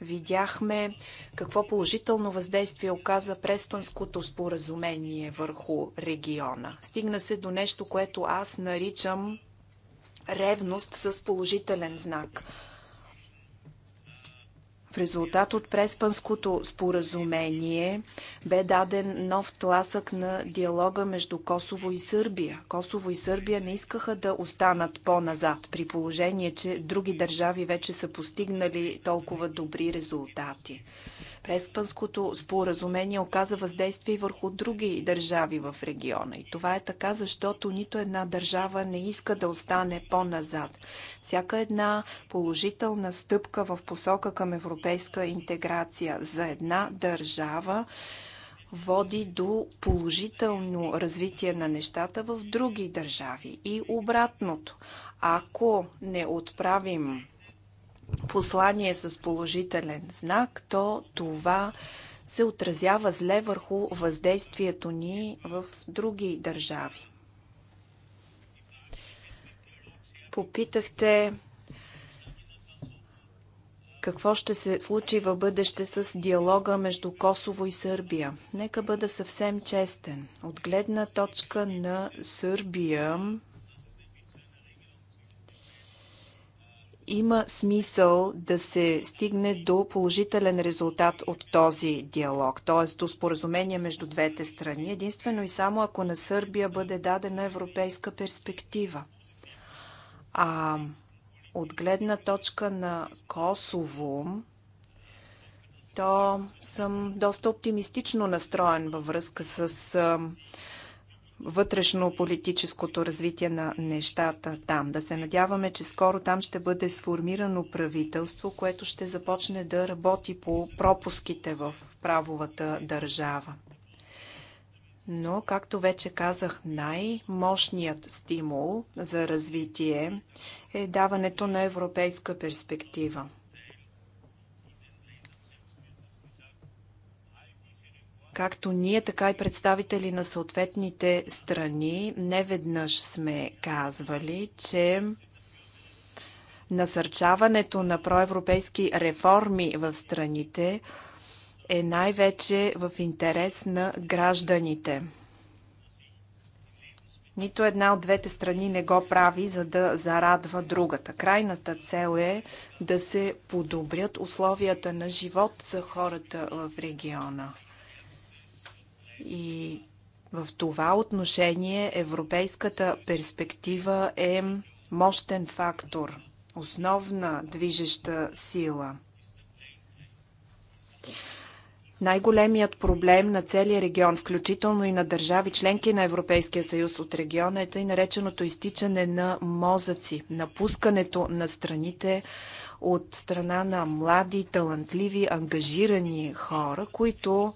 Видяхме какво положително въздействие оказа Преспанското споразумение върху региона. Стигна се до нещо, което аз наричам ревност с положителен знак. В резултат от Преспанското споразумение бе даден нов тласък на диалога между Косово и Сърбия. Косово и Сърбия не искаха да останат по-назад, при положение, че други държави вече са постигнали толкова добри резултати. Преспанското споразумение оказа въздействие и върху други държави в региона. И това е така, защото нито една държава не иска да остане по-назад. Всяка една положителна стъпка в посока към европейска интеграция за една държава води до положително развитие на нещата в други държави и обратното. Ако не отправим послание с положителен знак, то това се отразява зле върху въздействието ни в други държави. Попитахте какво ще се случи в бъдеще с диалога между Косово и Сърбия. Нека бъда съвсем честен. От гледна точка на Сърбия, има смисъл да се стигне до положителен резултат от този диалог, т.е. до споразумение между двете страни, единствено и само ако на Сърбия бъде дадена европейска перспектива. А от гледна точка на Косово, то съм доста оптимистично настроен във връзка с вътрешно-политическото развитие на нещата там. Да се надяваме, че скоро там ще бъде сформирано правителство, което ще започне да работи по пропуските в правовата държава. Но, както вече казах, най-мощният стимул за развитие е даването на европейска перспектива. Както ние, така и представители на съответните страни, неведнъж сме казвали, че насърчаването на проевропейски реформи в страните е най-вече в интерес на гражданите. Нито една от двете страни не го прави, за да зарадва другата. Крайната цел е да се подобрят условията на живот за хората в региона. И в това отношение европейската перспектива е мощен фактор, основна движеща сила. Най-големият проблем на целия регион, включително и на държави членки на Европейския съюз от региона е тъй нареченото изтичане на мозъци, напускането на страните от страна на млади, талантливи, ангажирани хора, които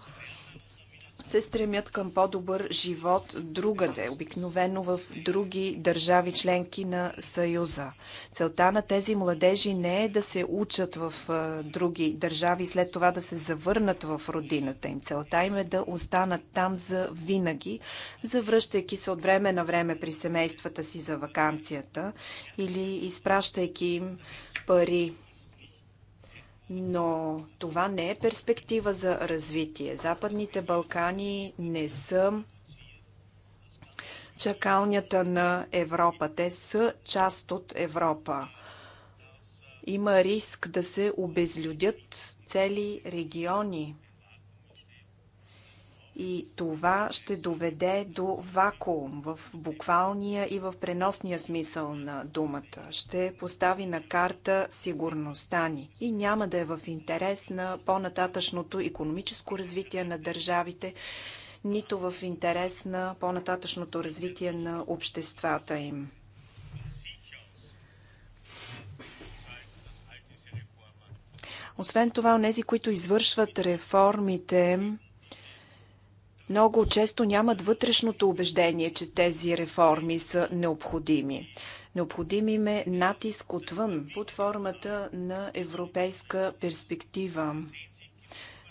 се стремят към по-добър живот другаде, обикновено в други държави членки на Съюза. Целта на тези младежи не е да се учат в други държави и след това да се завърнат в родината им. Целта им е да останат там за винаги, завръщайки се от време на време при семействата си за вакансията или изпращайки им пари но това не е перспектива за развитие. Западните Балкани не са чакалнята на Европа. Те са част от Европа. Има риск да се обезлюдят цели региони. И това ще доведе до вакуум в буквалния и в преносния смисъл на думата. Ще постави на карта сигурността ни и няма да е в интерес на по-нататъчното економическо развитие на държавите, нито в интерес на по-нататъчното развитие на обществата им. Освен това, онези, които извършват реформите, много често нямат вътрешното убеждение, че тези реформи са необходими. Необходим им е натиск отвън под формата на европейска перспектива.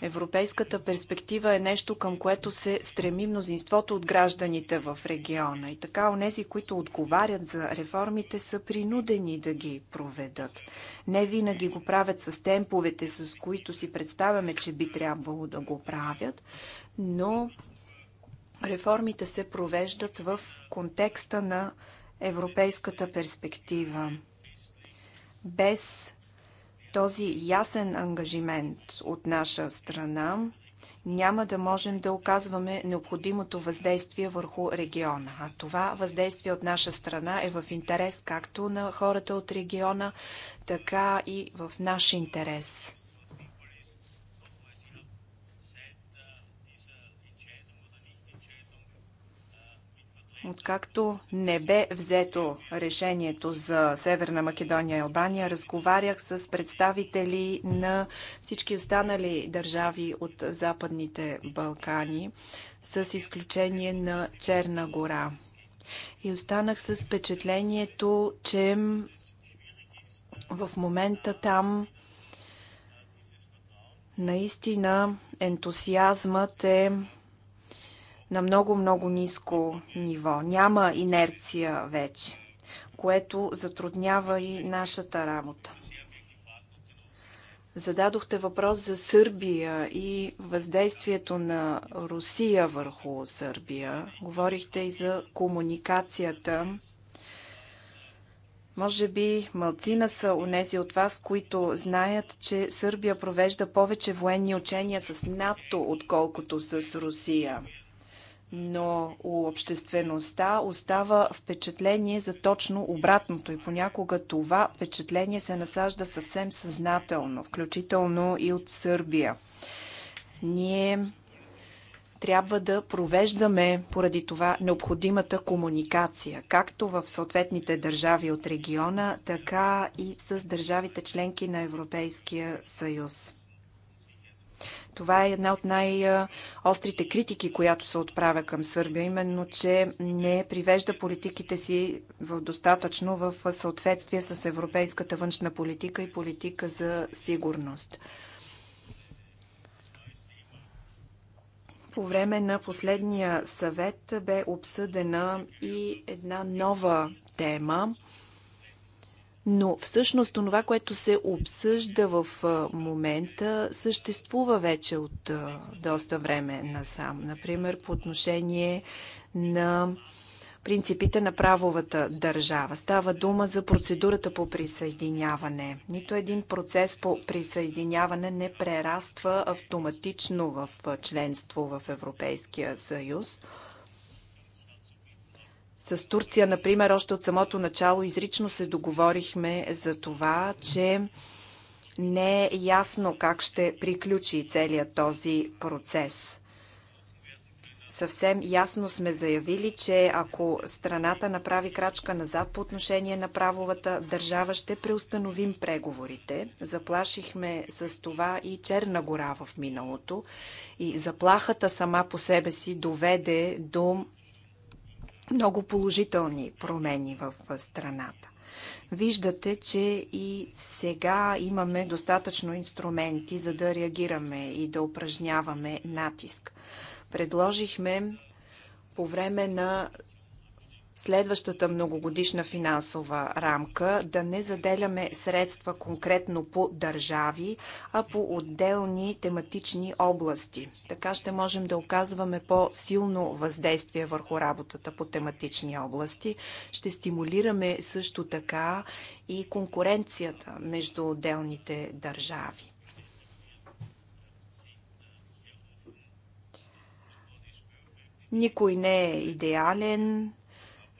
Европейската перспектива е нещо, към което се стреми мнозинството от гражданите в региона. И така, онези, които отговарят за реформите, са принудени да ги проведат. Не винаги го правят с темповете, с които си представяме, че би трябвало да го правят, но реформите се провеждат в контекста на европейската перспектива. Без този ясен ангажимент от наша страна няма да можем да оказваме необходимото въздействие върху региона. А това въздействие от наша страна е в интерес както на хората от региона, така и в наш интерес. Откакто не бе взето решението за Северна Македония и Албания, разговарях с представители на всички останали държави от Западните Балкани, с изключение на Черна гора. И останах с впечатлението, че в момента там наистина ентусиазмът е на много-много ниско ниво. Няма инерция вече, което затруднява и нашата работа. Зададохте въпрос за Сърбия и въздействието на Русия върху Сърбия. Говорихте и за комуникацията. Може би малцина са унези от вас, които знаят, че Сърбия провежда повече военни учения с НАТО, отколкото с Русия но у обществеността остава впечатление за точно обратното и понякога това впечатление се насажда съвсем съзнателно, включително и от Сърбия. Ние трябва да провеждаме поради това необходимата комуникация, както в съответните държави от региона, така и с държавите членки на Европейския съюз. Това е една от най-острите критики, която се отправя към Сърбия, именно, че не привежда политиките си в достатъчно в съответствие с европейската външна политика и политика за сигурност. По време на последния съвет бе обсъдена и една нова тема но всъщност това, което се обсъжда в момента, съществува вече от доста време насам. Например, по отношение на принципите на правовата държава. Става дума за процедурата по присъединяване. Нито един процес по присъединяване не прераства автоматично в членство в Европейския съюз. С Турция, например, още от самото начало изрично се договорихме за това, че не е ясно как ще приключи целият този процес. Съвсем ясно сме заявили, че ако страната направи крачка назад по отношение на правовата държава, ще преустановим преговорите. Заплашихме с това и Черна гора в миналото. И заплахата сама по себе си доведе до много положителни промени в страната. Виждате, че и сега имаме достатъчно инструменти, за да реагираме и да упражняваме натиск. Предложихме по време на следващата многогодишна финансова рамка да не заделяме средства конкретно по държави, а по отделни тематични области. Така ще можем да оказваме по-силно въздействие върху работата по тематични области. Ще стимулираме също така и конкуренцията между отделните държави. Никой не е идеален,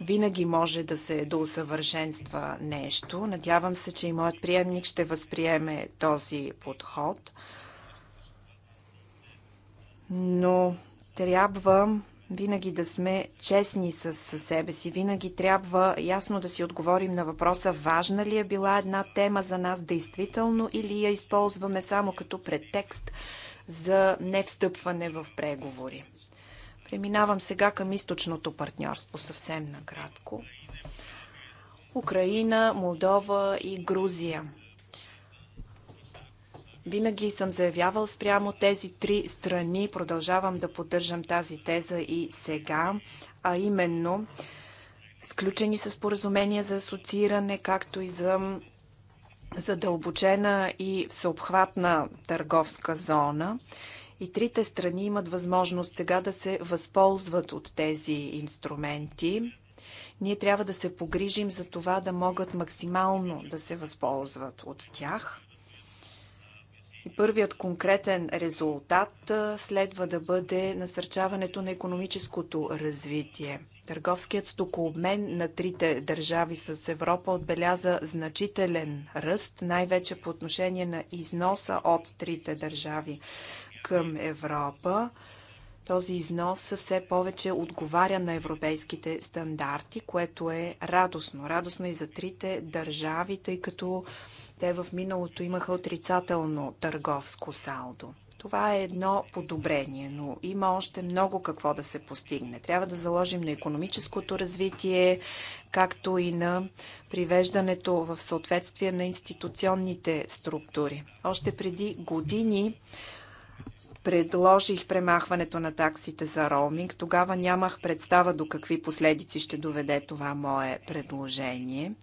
винаги може да се доусъвършенства нещо. Надявам се, че и моят приемник ще възприеме този подход. Но трябва винаги да сме честни с себе си. Винаги трябва ясно да си отговорим на въпроса важна ли е била една тема за нас действително или я използваме само като претекст за невстъпване в преговори. Преминавам сега към източното партньорство съвсем накратко. Украина, Молдова и Грузия. Винаги съм заявявал спрямо тези три страни, продължавам да поддържам тази теза и сега, а именно сключени са споразумения за асоцииране, както и за задълбочена и всеобхватна търговска зона. И трите страни имат възможност сега да се възползват от тези инструменти. Ние трябва да се погрижим за това да могат максимално да се възползват от тях. И първият конкретен резултат следва да бъде насърчаването на економическото развитие. Търговският стокообмен на трите държави с Европа отбеляза значителен ръст, най-вече по отношение на износа от трите държави към Европа. Този износ все повече отговаря на европейските стандарти, което е радостно. Радостно и за трите държави, тъй като те в миналото имаха отрицателно търговско салдо. Това е едно подобрение, но има още много какво да се постигне. Трябва да заложим на економическото развитие, както и на привеждането в съответствие на институционните структури. Още преди години предложих премахването на таксите за роуминг, тогава нямах представа до какви последици ще доведе това мое предложение.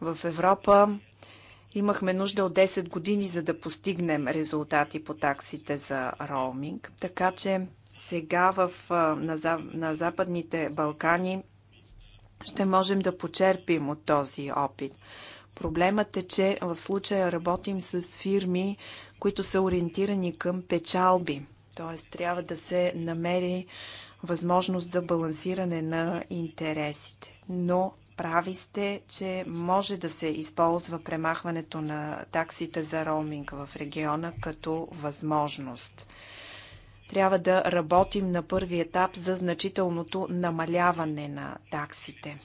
В Европа имахме нужда от 10 години, за да постигнем резултати по таксите за роуминг, така че сега в, на, на Западните Балкани ще можем да почерпим от този опит. Проблемът е, че в случая работим с фирми, които са ориентирани към печалби. Т.е. трябва да се намери възможност за балансиране на интересите. Но прави сте, че може да се използва премахването на таксите за роуминг в региона като възможност. Трябва да работим на първи етап за значителното намаляване на таксите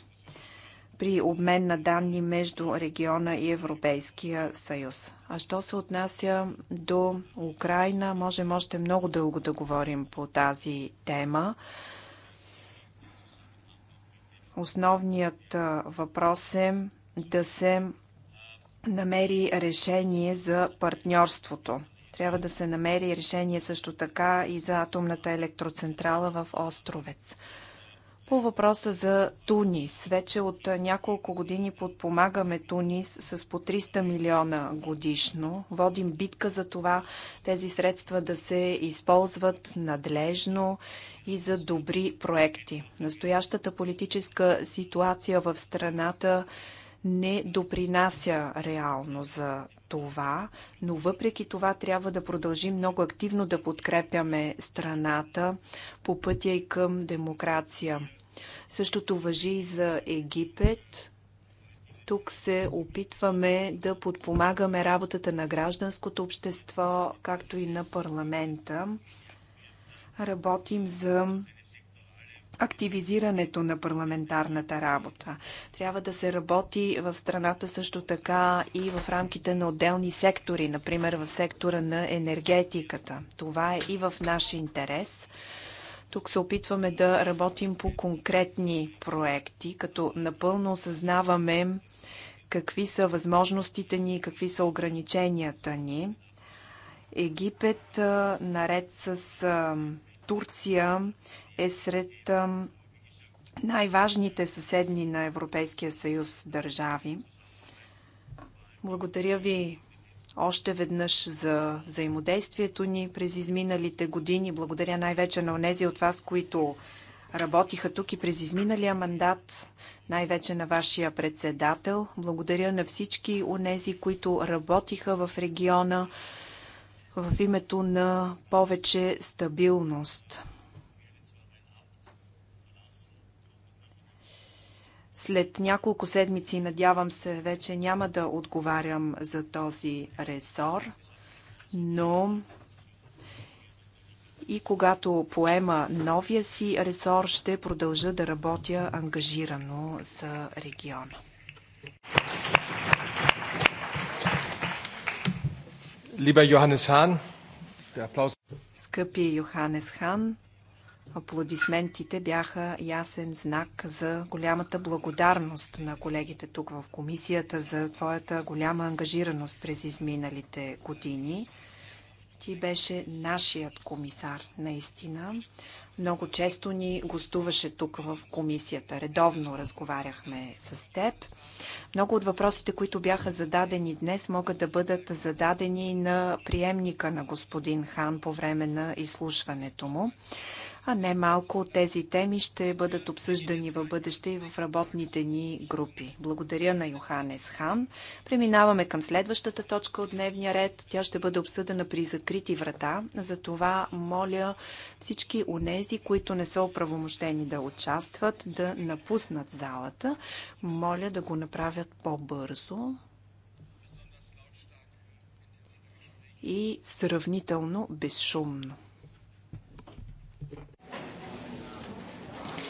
при обмен на данни между региона и Европейския съюз. А що се отнася до Украина, можем още много дълго да говорим по тази тема. Основният въпрос е да се намери решение за партньорството. Трябва да се намери решение също така и за атомната електроцентрала в Островец. По въпроса за Тунис. Вече от няколко години подпомагаме Тунис с по 300 милиона годишно. Водим битка за това тези средства да се използват надлежно и за добри проекти. Настоящата политическа ситуация в страната не допринася реално за това, но въпреки това трябва да продължим много активно да подкрепяме страната по пътя и към демокрация. Същото въжи и за Египет. Тук се опитваме да подпомагаме работата на гражданското общество, както и на парламента. Работим за активизирането на парламентарната работа. Трябва да се работи в страната също така и в рамките на отделни сектори, например в сектора на енергетиката. Това е и в наш интерес. Тук се опитваме да работим по конкретни проекти, като напълно осъзнаваме какви са възможностите ни, какви са ограниченията ни. Египет, наред с Турция, е сред най-важните съседни на Европейския съюз държави. Благодаря ви, още веднъж за взаимодействието ни през изминалите години. Благодаря най-вече на онези от вас, които работиха тук и през изминалия мандат, най-вече на вашия председател. Благодаря на всички онези, които работиха в региона в името на повече стабилност. След няколко седмици, надявам се, вече няма да отговарям за този ресор, но и когато поема новия си ресор, ще продължа да работя ангажирано за региона. Скъпи Йоханес Хан, Аплодисментите бяха ясен знак за голямата благодарност на колегите тук в комисията за твоята голяма ангажираност през изминалите години. Ти беше нашият комисар, наистина. Много често ни гостуваше тук в комисията. Редовно разговаряхме с теб. Много от въпросите, които бяха зададени днес, могат да бъдат зададени на приемника на господин Хан по време на изслушването му а не малко от тези теми ще бъдат обсъждани в бъдеще и в работните ни групи. Благодаря на Йоханес Хан. Преминаваме към следващата точка от дневния ред. Тя ще бъде обсъдена при закрити врата. Затова моля всички унези, които не са оправомощени да участват, да напуснат залата. Моля да го направят по-бързо. и сравнително безшумно.